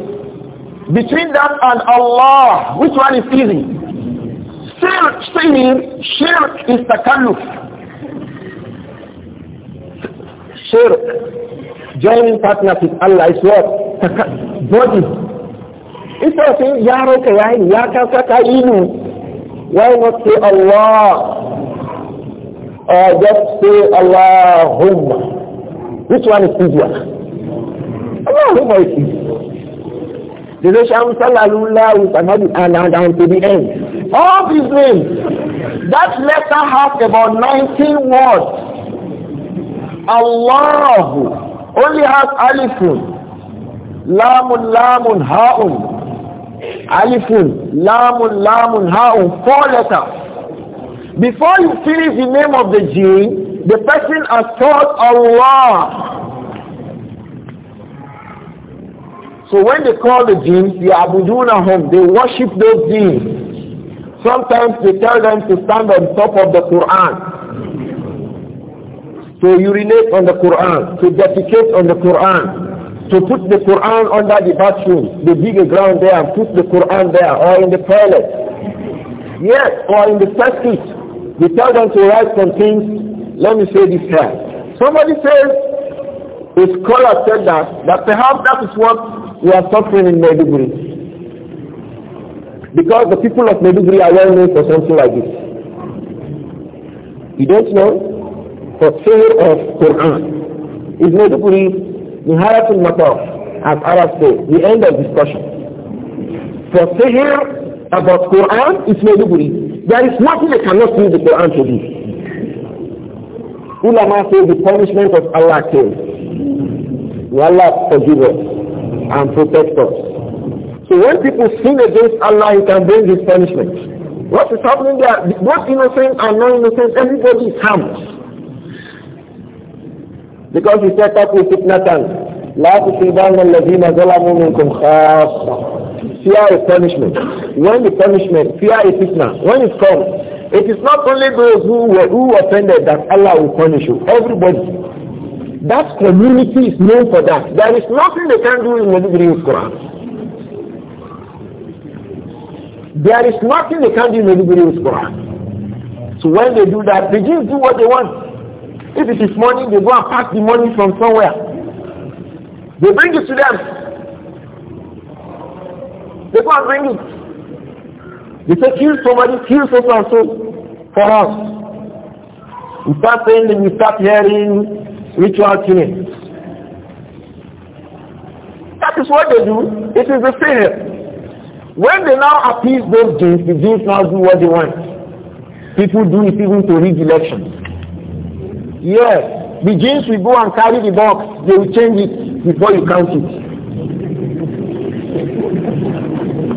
Between that and Allah, which one is easy? Shirk, sihir, shirk is takalluf. Shirk, joining partners with Allah is what? Body. Instead of saying, Ya Rokayain, Ya Kakakainu, why not say Allah? Or just say Allahumma. Which one is easier? Allahumma is easier. The nation Sallallahu and until the end. All these names. That letter has about 19 words. Allah only has alifun, lamun, lamun, haun. Alifun, lamun, lamun, haun. Four letters. Before you finish the name of the jinn, the person has taught Allah So when they call the jinns, the abuduna hum, they worship those jinns. Sometimes they tell them to stand on top of the Quran, to urinate on the Quran, to defecate on the Quran, to put the Quran under the bathroom. They dig a ground there and put the Quran there, or in the toilet. Yes, or in the circuit. They tell them to write some things. Let me say this here. Somebody says, a scholar said that, that perhaps that is what we are suffering in Maiduguri. Because the people of Maiduguri are well known for something like this. You don't know? For fear of Quran. Is Maiduguri Niharatul Mataf, as Arabs say, the end of discussion. For fear about Quran is Maiduguri. There is nothing they cannot use the Quran to do. Ulama say the punishment of Allah came. May Allah forgive us and protect us. So when people sin against Allah, He can bring His punishment. What is happening there? Both innocent and non-innocent, everybody is harmed. Because He set up with Ibnatan. لا تصيبن الذين ظلموا منكم خاصة fear a punishment. When the punishment, fear a fitna. When it comes, it is not only those who were, who offended that Allah will punish you. Everybody. That community is known for that. There is nothing they can do in Maiduguri with Quran. There is nothing they can do in Maiduguri with Quran. So when they do that, they just do what they want. If it is money, they go and pack the money from somewhere. They bring it to them. They go and bring it. They say, kill somebody, kill so and so for us. We start saying, we start hearing ritual killing. That is what they do. It is the same. When they now appease those jinns, the jinns now do what they want. People do it even to rig elections. Yes, the jinns will go and carry the box. They will change it before you count it.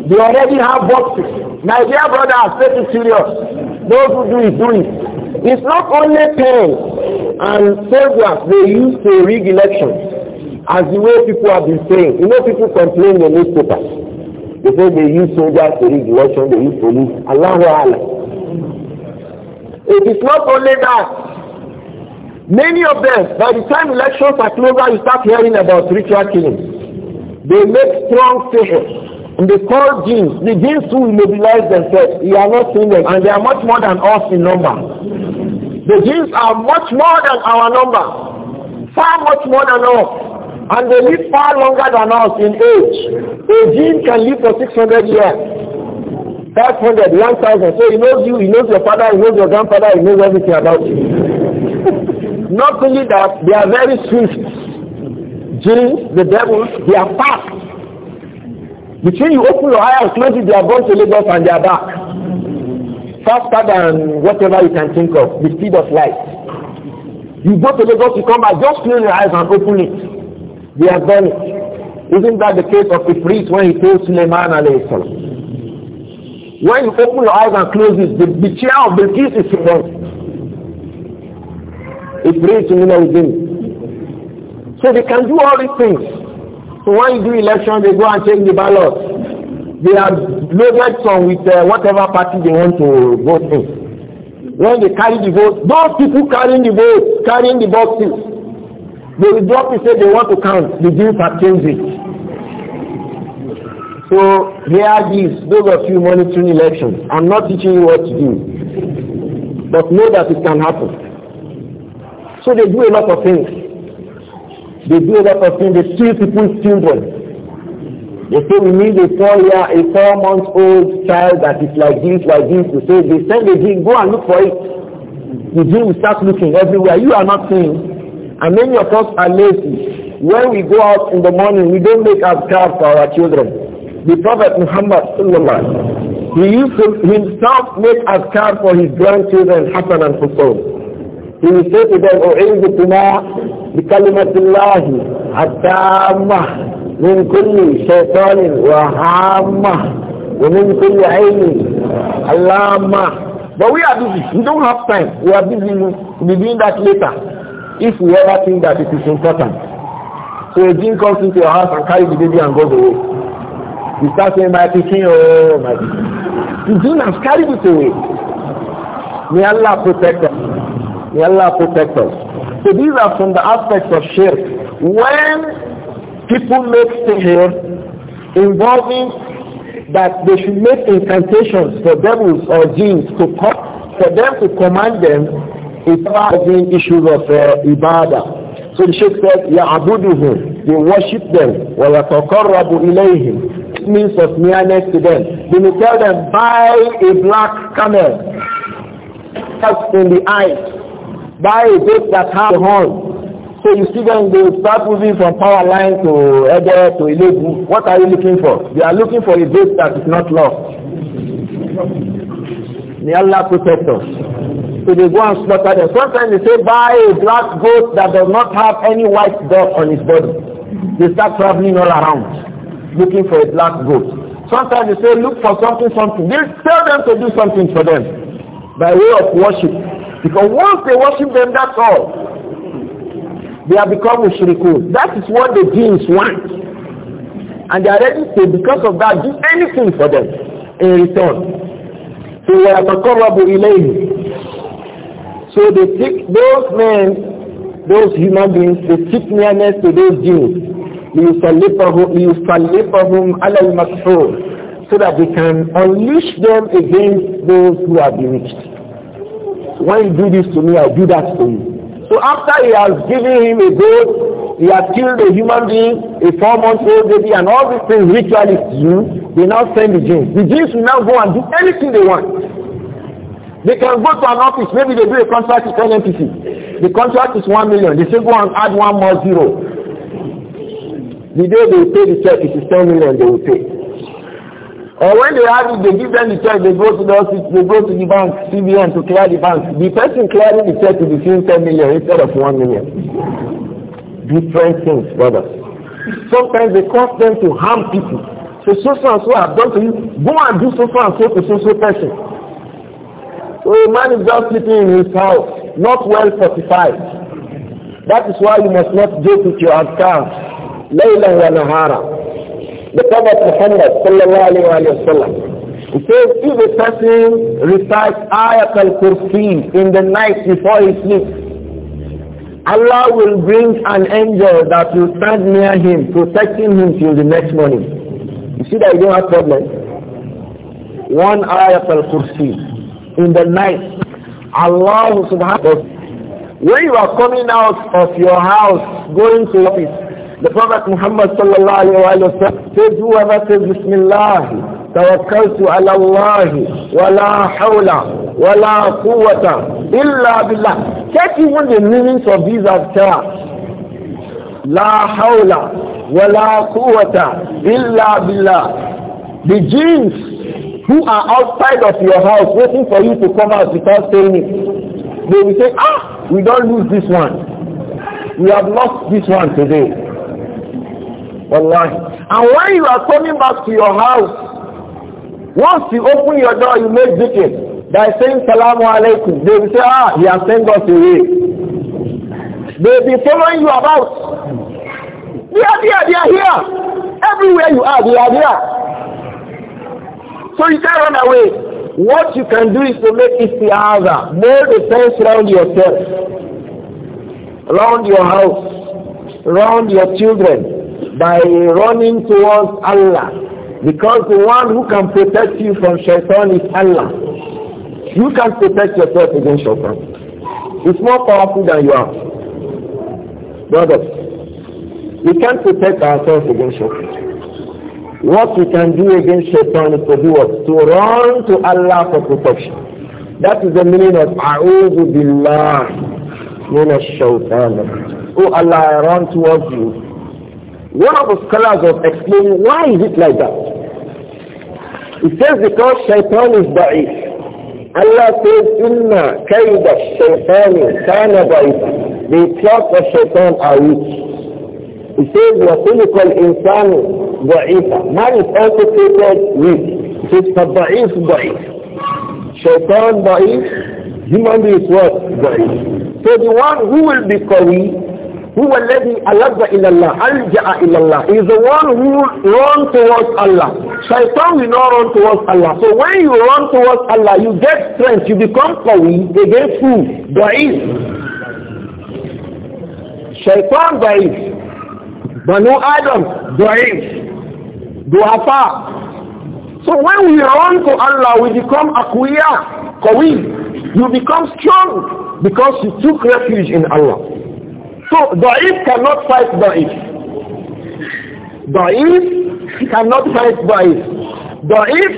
They already have boxes. dear brother, I take it serious. Those who do it, do it. It's not only pain and soldiers they used to rig elections as the way people have been saying. You know people complain in the newspapers. They say they use soldiers to rig elections, they use police. Allah Allah. It is not only that. Many of them, by the time elections are closer, you start hearing about ritual killings. They make strong statements And they call jinns. The jinns who mobilize themselves, you are not seeing them. And they are much more than us in number. The Jews are much more than our number, far much more than us, and they live far longer than us in age. A Jew can live for 600 years, 500, 1,000. So he knows you, he knows your father, he knows your grandfather, he knows everything about you. Not only that, they are very swift. Jews, the devils, they are fast. Between you open your eyes, and close it, they are going to Lagos and they are back faster than whatever you can think of, the speed of light. You go to Lagos, you come back, just close your eyes and open it. They have done it. Isn't that the case of the priest when he told Suleiman alayhi When you open your eyes and close it, the, the chair of the priest is gone. It breaks in the within. So they can do all these things. So when you do election, they go and change the ballot. They are loaded some with uh, whatever party they want to vote in. When they carry the vote, those people carrying the vote, carrying the boxes, they will drop it, say they want to count. The are changing. So they are these those of you monitoring elections, I'm not teaching you what to do. But know that it can happen. So they do a lot of things. They do a lot of things. They steal people's children. They say we need a four year, a four month old child that is like this, like this. They say they send a dream, go and look for it. The Jew will start looking everywhere. You are not seeing. And many of us are lazy. When we go out in the morning, we don't make our car for our children. The Prophet Muhammad he used to himself make azkar for his grandchildren Hassan and Hussein. He would say to them, "O بكلمة الله التامة من كل شيطان وهامة ومن كل عين علامة But we are busy. We don't have time. We are busy. We'll be doing that later. If we ever think that it is important. So a jinn comes into your house and carry the baby and goes away. You start saying, my teaching, oh my. The jinn has carried it away. May Allah protect us. May Allah protect us. So these are from the aspects of shirk. When people make sihr involving that they should make incantations for devils or jinns to come, for them to command them is causing issues of uh, ibadah. So the Sheikh said, يَعْبُدُهُمْ They worship them. وَيَتَقَرَّبُ إِلَيْهِمْ Means of nearness to them. Then will tell them, buy a black camel. cut in the eyes. Buy a goat that has a horn. So you see them, they start moving from power line to Ede to Ilebu. What are you looking for? They are looking for a date that is not lost. May Allah protect us. So they go and slaughter them. Sometimes they say, buy a black goat that does not have any white dot on its body. They start traveling all around looking for a black goat. Sometimes they say, look for something, something. They tell them to do something for them by way of worship. Because once they worship them, that's all. They have become mushrikun. That is what the Jews want. And they are ready to, because of that, do anything for them in return. So they are So they take those men, those human beings, they take nearness to those Jews. ليصلبهم على المكفور so that they can unleash them against those who are bewitched. When you do this to me, I'll do that to you. So after he has given him a goat, he has killed a human being, a four-month-old baby, and all these things ritually do, they now send the jinns. The jinns will now go and do anything they want. They can go to an office, maybe they do a contract with an The contract is one million. They say go and add one more zero. The day they pay the check, it is ten million they will pay when they have it, they give them the check, they go to the office, they go to the bank, CBN to clear the bank. The person clearing the check will be 10 million instead of 1 million. Different things, brothers. Sometimes they cause them to harm people. So so so and so have done to you, go and do so far and so to so so person. So a man is just sitting in his house, not well fortified. That is why you must not joke with your account. Layla wa nahara. The Prophet Muhammad sallallahu alayhi wa sallam, he says, if a person recites ayat al-kursi in the night before he sleeps, Allah will bring an angel that will stand near him, protecting him till the next morning. You see that you don't have problem. One ayat al-kursi in the night. Allah subhanahu wa ta'ala, when you are coming out of your house, going to office, the Prophet Muhammad sallallahu alayhi wa sallam said, whoever says Bismillah, توكلت على الله ولا حول ولا قوة إلا بالله Check even the meanings of these La hawla, wa ولا قوة إلا بالله The jinns who are outside of your house waiting for you to come out without saying it. They will say, ah, we don't lose this one. We have lost this one today. Allah, And when you are coming back to your house, once you open your door, you make zikr. They are saying salamu alaikum. They will say, ah, he has sent us away. They will be following you about. They are there, they are here. Everywhere you are, they are there. So you can't run away. What you can do is to make it the other. Build a fence around yourself, around your house, around your children, by running towards Allah. Because the one who can protect you from shaitan is Allah. You can protect yourself against shaitan. It's more powerful than you are. Brothers, we can't protect ourselves against shaitan. What we can do against shaitan is to do what? To run to Allah for protection. That is the meaning of A'udhu Billah Min Shaitan. Oh Allah, I run towards you one of the scholars was explaining why is it like that. He says because shaitan is da'if. Allah says, Inna kayda shaitani kana daif. The plots of shaitan are weak. He says, وَخُلِقَ الْإِنسَانُ ضَعِيفًا Man is also treated weak. He says, daif daif. Shaitan daif. human being is what? daif. So the one who will be qawi هو الذي ألب إلى الله ألجأ إلى الله is the one who run towards Allah shaitan will not run towards Allah so when you run towards Allah you get strength you become qawi against who da'if shaitan da'if Banu Adam da'if du'afa so when we run to Allah we become aqwiya qawi you become strong because you took refuge in Allah So Da'if cannot fight Da'if. Da'if cannot fight Da'if. Da'if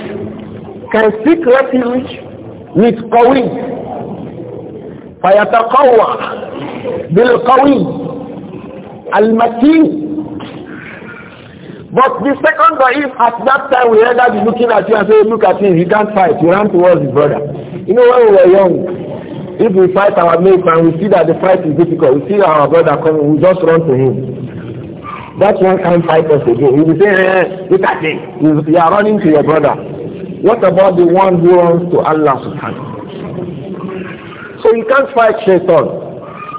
can seek refuge with Qawim. فيتقوى بالقوي المتين But the second Da'if at that time we heard that looking at you and say look at him he can't fight he ran towards his brother. You know when we were young If we fight our mate and we see that the fight is difficult, we see our brother coming, we just run to him. That one can't fight us again. He will say, hey, eh, look at me. You are running to your brother. What about the one who runs to Allah subhanahu So you can't fight shaitan.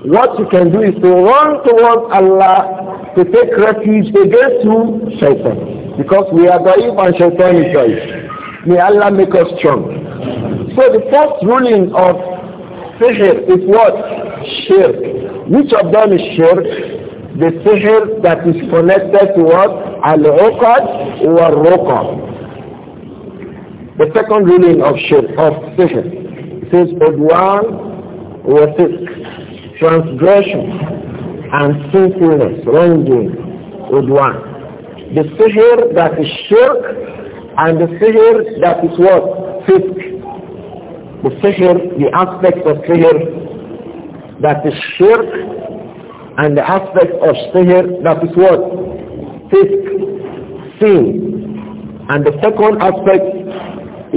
What you can do is to run towards Allah to take refuge against who? Shaitan. Because we are daif and shaitan is daif. May Allah make us strong. So the first ruling of Sihr is what? Shirk. Which of them is shirk? The sihr that is connected to what? Al-Uqad or Ruqa. The second ruling of shirk, of sihr, it says Udwan or Sikh, transgression and sinfulness, wrongdoing, Udwan. The sihr that is shirk and the sihr that is what? Fisk. The sihr, the aspect of sihr, that is shirk, and the aspect of sihr, that is what? Fisk, sin. And the second aspect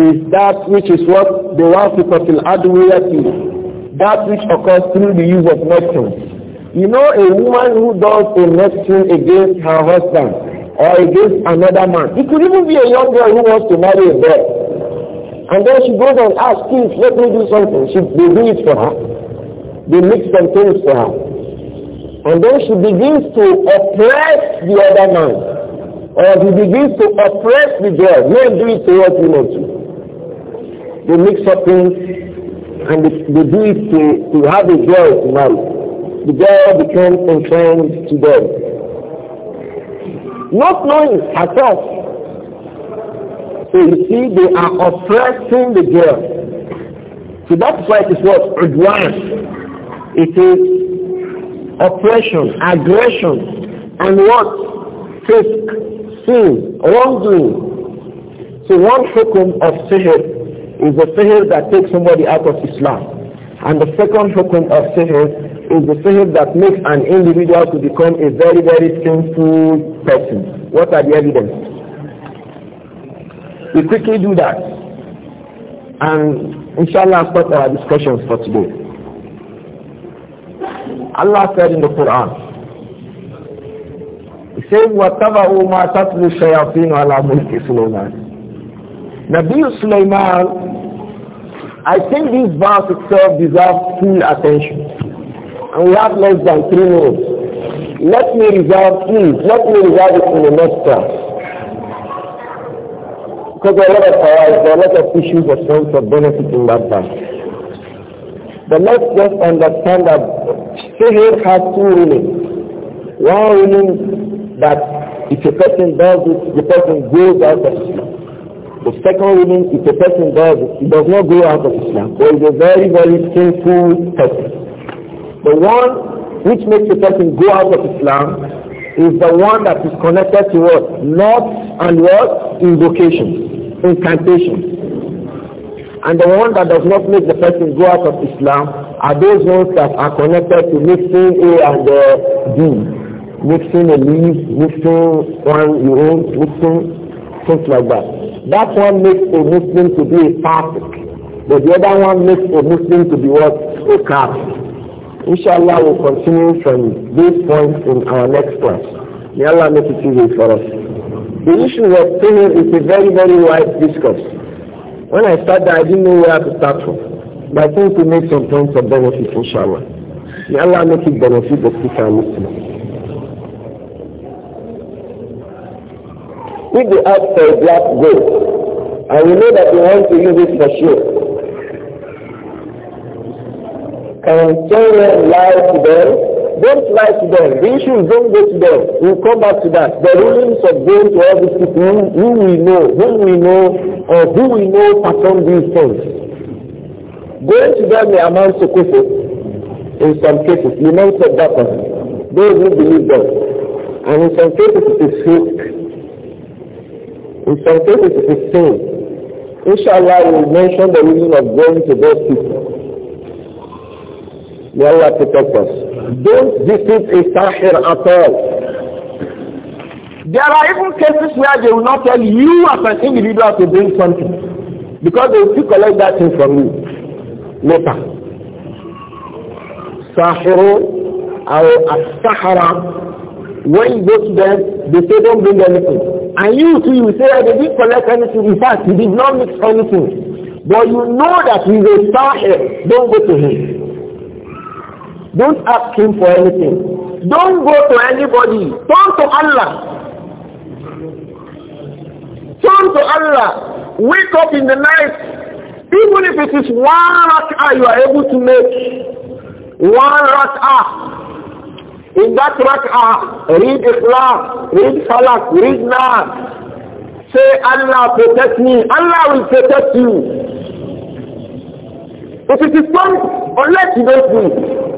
is that which is what? The wafiqatil adwiyati. That which occurs through the use of medicine. You know a woman who does a medicine against her husband or against another man. It could even be a young girl who wants to marry a boy. And then she goes and asks, please let me do something. She, they do it for her. They make some things for her. And then she begins to oppress the other man. Or he begins to oppress the girl. Men do it to what you want to. They mix up things and they, they do it to, to have a girl to marry. The girl becomes entranced to them. Not knowing herself so you see, they are oppressing the girl. So that's why it is what? Udwan. It is oppression, aggression, and what? Fisk, sin, wrongdoing. So one hukum of sihr is a sihr that takes somebody out of Islam. And the second hukum of sihr is the sihr that makes an individual to become a very, very sinful person. What are the evidence? We quickly do that. And inshallah stop our discussions for today. Allah said in the Quran, He says, وَاتَّبَعُوا مَا تَتْلُ الشَّيَاطِينُ عَلَى مُلْكِ سُلَيْمَانَ Nabi Sulaiman, I think this verse itself deserves full attention. And we have less than three minutes. Let me reserve, please, let me reserve it in the next class. Because there are a lot of powers, there are a lot of issues of sense of benefit in that verse. But let's just understand that failure has two meanings. One meaning that if a person does it, the person goes out of Islam. The second meaning if a person does it, he does not go out of Islam. So he's a very, very sinful person. The one which makes a person go out of Islam is the one that is connected to what? Not and what? Invocation. Incantation, And the one that does not make the person go out of Islam are those ones that are connected to mixing A and uh, B. Mixing a leaf, mixing one urine, mixing things like that. That one makes a Muslim to be a Catholic. But the other one makes a Muslim to be what? A Catholic. Inshallah, we'll continue from this point in our next class. May Allah make it easy for us. The issue of payment is a very, very wide discourse. When I started, I didn't know where to start from. But I think we make some points of benefit, inshallah. May Allah make it benefit the speaker and listener. If they ask for a black gold, and we know that we want to use it for sure, can someone lie to them Don't lie to them. The issues don't go to them. We'll come back to that. The rulings of going to all these people who, who we know, whom we know, or who we know perform these things. Going to them may amount to kufr in some cases. You mentioned that one. Those who believe them. And in some cases it is fake. In some cases it is fake. Inshallah we mention the reason of going to those people. May Allah protect us. Don't visit a sahir at all. There are even cases where they will not tell you as an individual to bring something because they will still collect that thing from you later. Sahirun or Sahara, when you go to them, they say don't bring anything. And you too, you say oh, they didn't collect anything. In fact, he did not mix anything. But you know that he a Sahir. Don't go to him. Don't ask him for anything. Don't go to anybody. Turn to Allah. Turn to Allah. Wake up in the night. Even if it is one rak'ah you are able to make. One rak'ah. In that rak'ah, read Ikhlas, read Falak, read Nas. Say, Allah protect me. Allah will protect you. If it is done, unless you don't do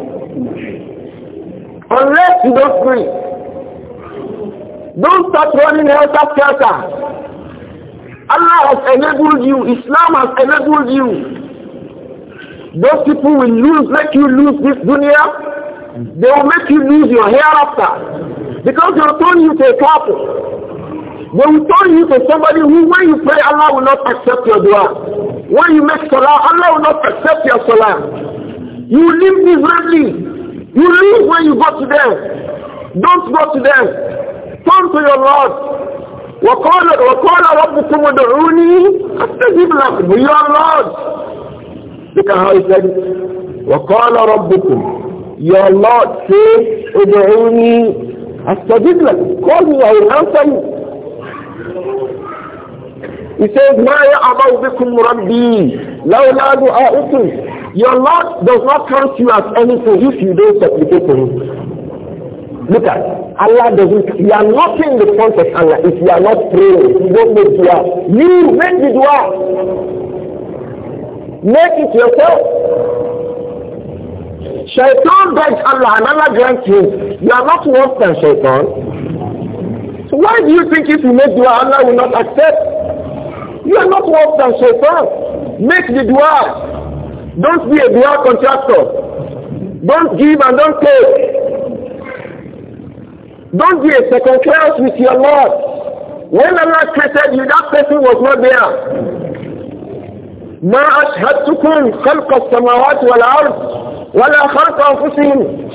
you don't pray. Don't start running helter-skelter. Allah has enabled you. Islam has enabled you. Those people will lose, make you lose this dunya. They will make you lose your hereafter. Because they will turn you to a couple. They will turn you to somebody who when you pray, Allah will not accept your dua. When you make salah, Allah will not accept your salah. You will live miserably. You leave when you go to them. Don't go to them. Turn to your Lord. وقال ربكم ادعوني استجب لكم يا Lord. Look at how he said it. وقال ربكم Your Lord say ادعوني استجب لكم. Call me I will answer you. He says ما يعبأ بكم ربي لولا دعاؤكم your Lord does not count you as anything if you don't supplicate to Him. Look at Allah doesn't. You are not in the front of Allah if you are not praying. You don't make dua. You make the dua. Make it yourself. Shaitan begs Allah and Allah grants him. You are not worse than Shaitan. So why do you think if you make dua Allah will not accept? You are not worse than Shaitan. Make the dua. Don't be a dual contractor. Don't give and don't take. Don't be a second class with your Lord. When Allah created you, that person was not there. ما أشهدتكم خلق السماوات والأرض ولا خلق أنفسهم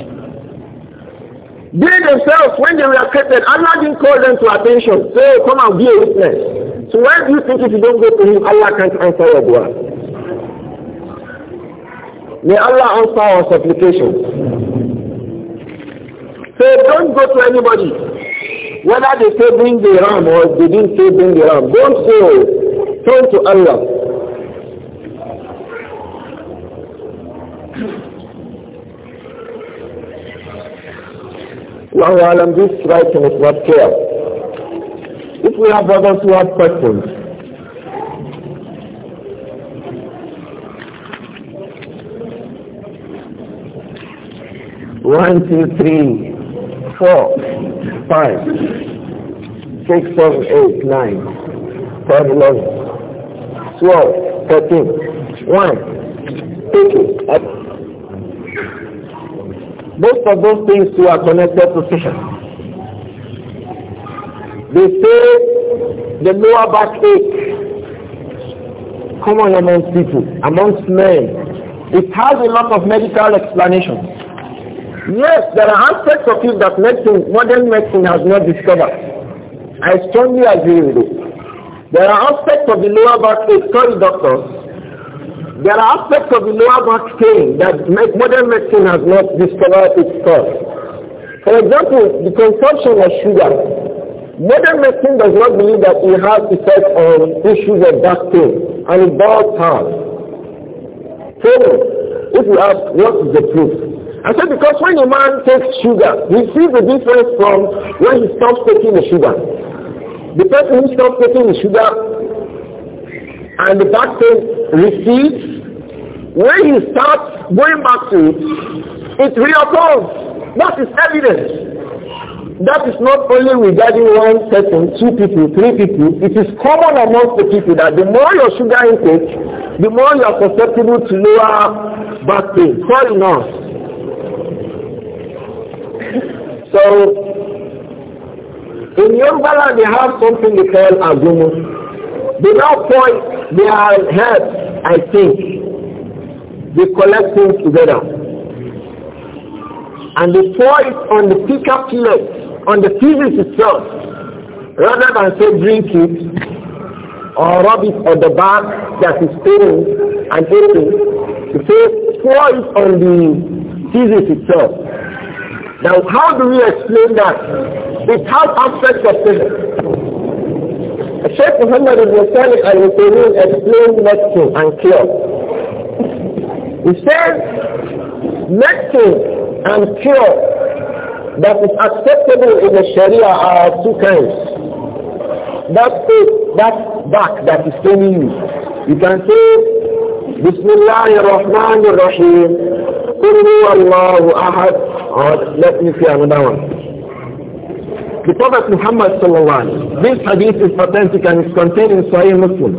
They themselves, when they were created, Allah didn't call them to attention. so come and be a witness. So why do you think if you don't go to Him, Allah can't answer your dua? May Allah answer our supplications. So don't go to anybody. Whether they say bring the ram or they didn't say bring the ram, don't say oh, turn to Allah. Now, Alam, this writing is not fair. If we have others who have questions, One, two, three, four, five, six, seven, eight, nine, ten, eleven, twelve, thirteen, one, two. Most of those things too are connected to session. They say the lower back ache common amongst people, amongst men. It has a lot of medical explanations. Yes, there are aspects of it that medicine, modern medicine has not discovered. I strongly agree with it. There are aspects of the lower back pain, sorry doctors, there are aspects of the lower back pain that modern medicine has not discovered its cause. For example, the consumption of sugar. Modern medicine does not believe that it has effect on issues of back pain, and it does have. So, if you ask, what is the proof? I said, because when a man takes sugar, he sees the difference from when he stops taking the sugar. The person who stops taking the sugar and the back pain recedes, when he starts going back to it, it reoccurs. That is evidence. That is not only regarding one person, two people, three people. It is common amongst the people that the more your sugar intake, the more you are susceptible to lower back pain. Sorry, nurse. So, in Yoruba land, they have something they call agumu. They now point their head, I think. They collect things together. And they pour it on the pickup plate, on the physics itself, rather than say drink it or rub it on the back that is paining and aching. To say pour it on the physics itself. Now, how do we explain that? It has aspects of things. Sheikh Muhammad ibn Salih al Utaymin explained medicine and cure. He says, medicine and cure that is acceptable in the Sharia are two kinds. That is that back that is telling you. You can say, Bismillah ar-Rahman rahim Allahu Ahad. Or let me see another one. The Prophet Muhammad sallallahu this hadith is authentic and is contained in Sahih Muslim.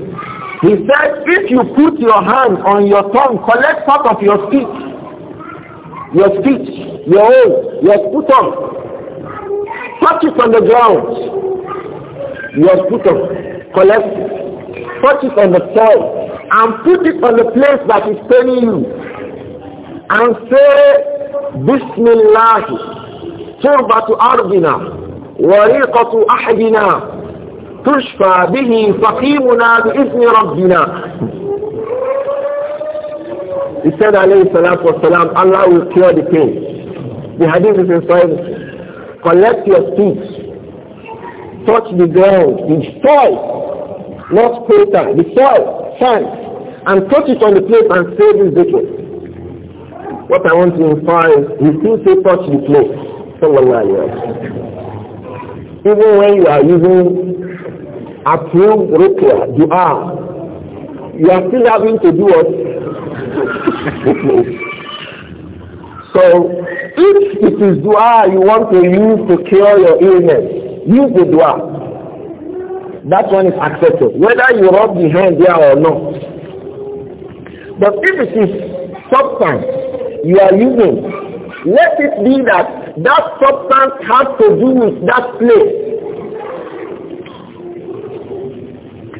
He said, if you put your hand on your tongue, collect part of your speech, your speech, your own, your sputum, touch it on the ground, your sputum, collect it, touch it on the soil, and put it on the place that is paining you and say Bismillah turbatu ardina وريقة أحدنا تشفى به سقيمنا بإذن Rabbina. He said alayhi salatu wasalam, Allah will cure the pain. The hadith is in Sahih. Collect your feet. Touch the ground. The soil. Not paper. The soil. Sand. And touch it on the plate and say this zikr. What I want to imply, is he still say touch the floor. like alayhi Even when you are using approved ruqya, dua, you are still having to do what? so if it is dua you want to use to cure your illness, use the dua that one is accepted, whether you rub the hand there or not. But if it is substance you are using. Let it be that that substance has to do with that place.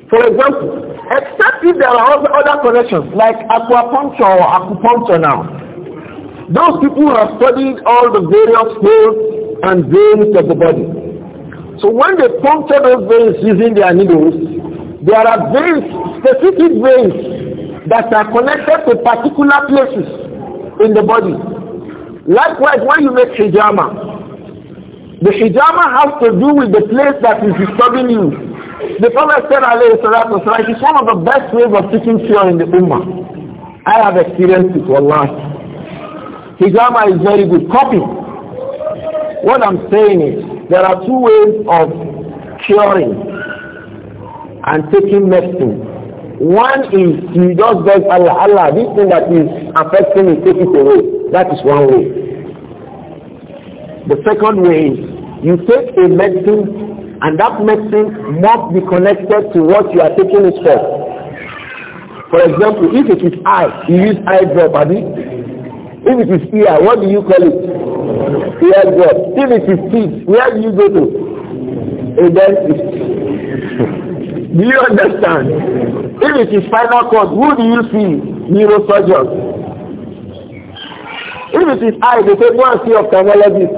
For example, except if there are other connections like aquapuncture or acupuncture now. Those people have studied all the various holes and veins of the body. So when they puncture those veins using their needles, there are veins, specific veins that are connected to particular places in the body. Likewise, when you make hijama, the hijama has to do with the place that is disturbing you. The Prophet said, alayhi salatu wasalam, it's one of the best ways of seeking cure in the Ummah. I have experienced it, wallahi. Hijama is very good. Copy. What I'm saying is, there are two ways of curing and taking medicine. One is you just beg Allah, Allah, this thing that is affecting me, take it away. That is one way. The second way is you take a medicine and that medicine must be connected to what you are taking it for. For example, if it is eye, you use eye drop, Abby. If it is ear, what do you call it? Ear drop. If it is teeth, where do you go to? A dentist. Do you understand? If it is spinal cord, who do you see? Neurosurgeons. If it is eye, they say, go and see ophthalmologist.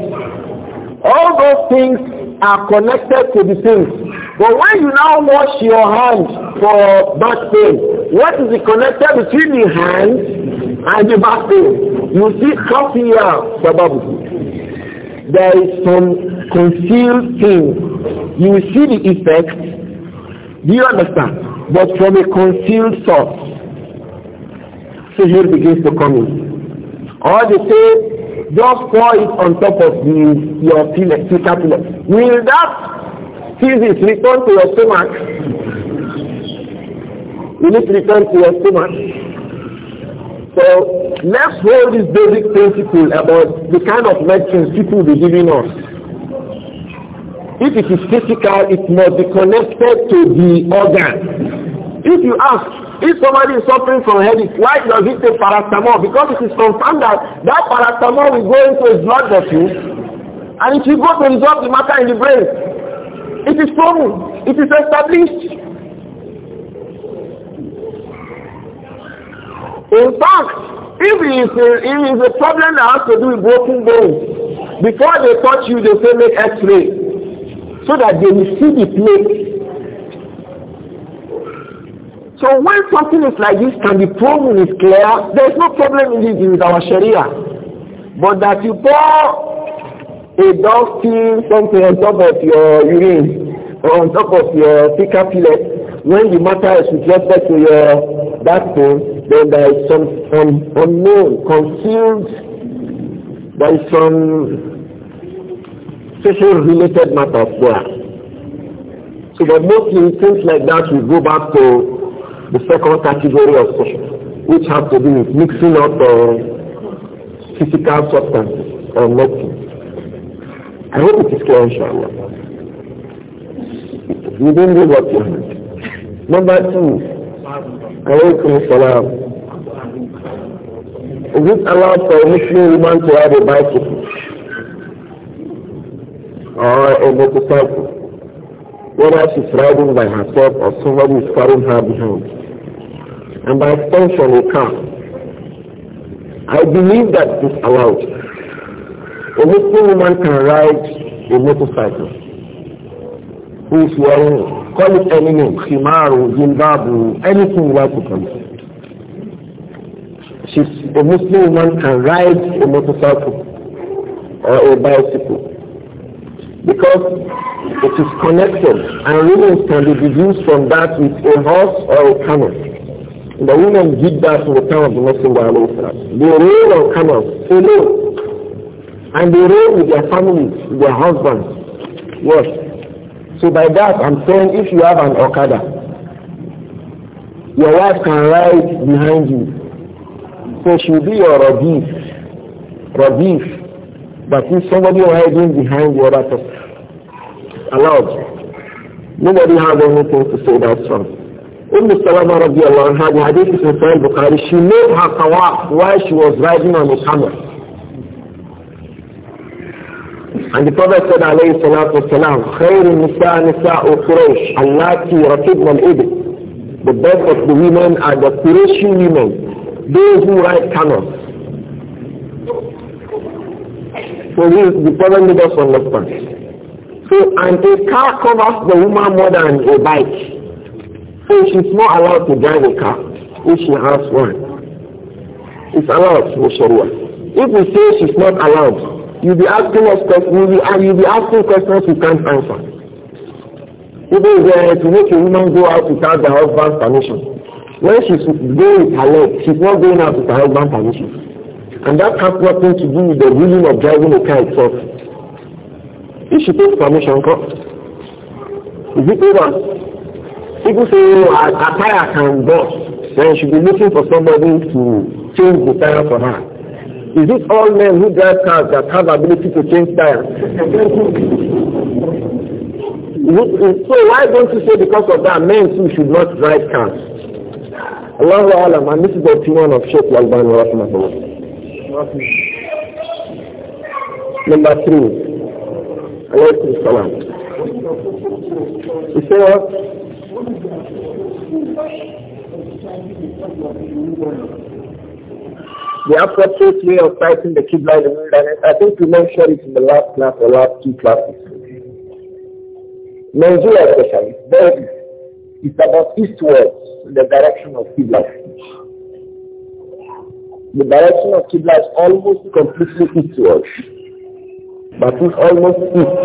All those things are connected to the things. But when you now wash your hand for back pain, what is the connected between the hand and the back pain? You see here, sababu. There is some concealed thing. You see the effect do you understand? But from a concealed source, sihir begins to come in. Or they say, just pour it on top of the, your pillar, Will that thesis return to your stomach? Will it return to your stomach? So let's hold this basic principle about the kind of lectures people will be giving us. If it is physical, it must be connected to the organ. If you ask, if somebody is suffering from headache, why does it take paracetamol? Because it is confirmed that that paracetamol will go into his blood vessel and it will go to resolve the matter in the brain. It is proven. It is established. In fact, if it is a, if it is a problem that has to do with broken bones, before they touch you, they say make x-ray. so that they will see the plate. So when something is like this can the problem is clear, there is no problem in this with our Sharia. But that you pour a dusting something on top of your urine or on top of your thicker pellet, when the matter is with respect to your backbone, then there is some um, unknown, concealed, there is some social related matters there. So but mostly things like that will go back to the second category of social, which has to do with mixing up uh, physical substances or medicine. I hope it is clear, inshallah. You didn't do what you heard. Number two,
alaykum
salam. Is it allowed for a Muslim woman to have a bicycle? or a motorcycle, whether she's riding by herself or somebody is carrying her behind, and by extension a car. I believe that is allowed. A Muslim woman can ride a motorcycle who is wearing, call it any name, Himaru, Jilbabu, anything like it she's a Muslim woman can ride a motorcycle or a bicycle. because it is connected and women can be deduced from that with a horse or a camel. The women did that to the time of the Messenger of Allah. They rode on camels alone. And they rode with their families, with their husbands. Yes. So by that I'm saying if you have an Okada, your wife can ride behind you. So she'll be your Rabif. Rabif but if somebody hiding behind the other person. Allowed. Nobody has anything to say that's wrong. Umm Salama radiallahu anha, the hadith is in Sahih Bukhari, she made her tawaf while she was riding on the camel. And the Prophet said, alayhi salatu wasalam, خير النساء نساء قريش التي ركبن الإبل. The best of the women are the Qurayshi women, those who ride camels. So we, the Prophet made understand. So, until car covers the woman more than a bike. So she's not allowed to drive a car if she has one. It's allowed for If we say she's not allowed, you'll be asking us questions, you'll you'll be asking questions you can't answer. Even uh, to make a woman go out without the husband's permission. When she's going with her leg, she's not going out with her husband's permission. And that has nothing to do with the ruling of driving a car itself. If she takes permission, come. Is it over? People say, oh, a, a tire can burst. Then she be looking for somebody to change the tire for her. Is it all men who drive cars that have ability to change tires? so why don't you say because of that men too should not drive cars? Allahu Alam, and this is the opinion of Sheikh Yalban Rahmatullah. Number three. Alaykum salam. You say what? The appropriate way of fighting the Qibla in the wilderness, I think we mentioned it in the last class or last two classes. Nigeria especially, it's about eastwards, in the direction of Qibla the direction of Qibla is almost completely eastward. it's almost east.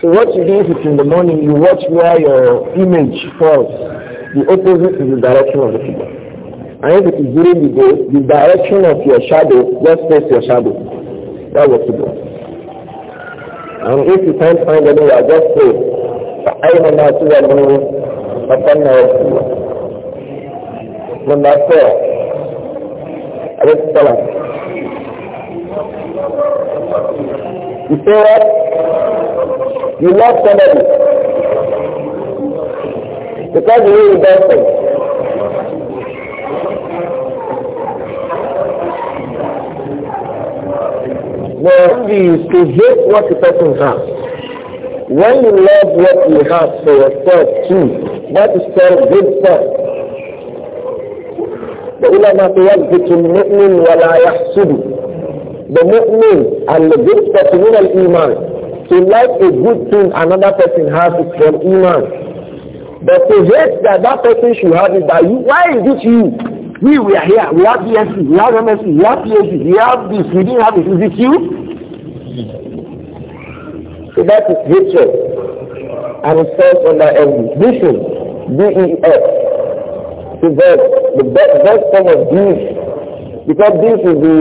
So what you do is in the morning you watch where your image falls. The opposite is the direction of the Qibla. And if it is during the day, the direction of your shadow, just face your shadow. That was Qibla. And if you can't find anywhere, just say, فأينما تولوا فقلنا وقت الله. Number four, عليه السلام You say what? You love somebody. Because you really does things. The envy is to hate what the person has. When you love what you have for yourself too, that is called good stuff. The ulama say, يَثْبِتُ الْمُؤْمِنُ وَلَا يَحْسُدُ The mu'min and the good person in iman To like a good thing another person has is from iman. But to hate that that person should have it by you, why is it you? We are here, we have BSc, we have MSc, we have PhD, we have this, we didn't have it, is it you? So that is hatred. And it falls under envy. Vision, B-E-S to birth, the best, best form of beef, because this is the,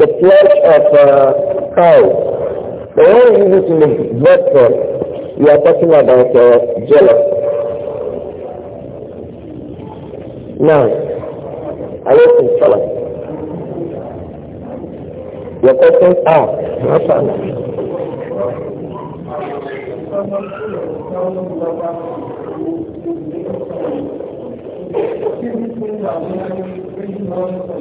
the flesh of a uh, cow. But when you use it in the bird form, you are talking about uh, jealous. Now,
alaykum salam.
Your questions are, mashallah.
Give me things I'm doing,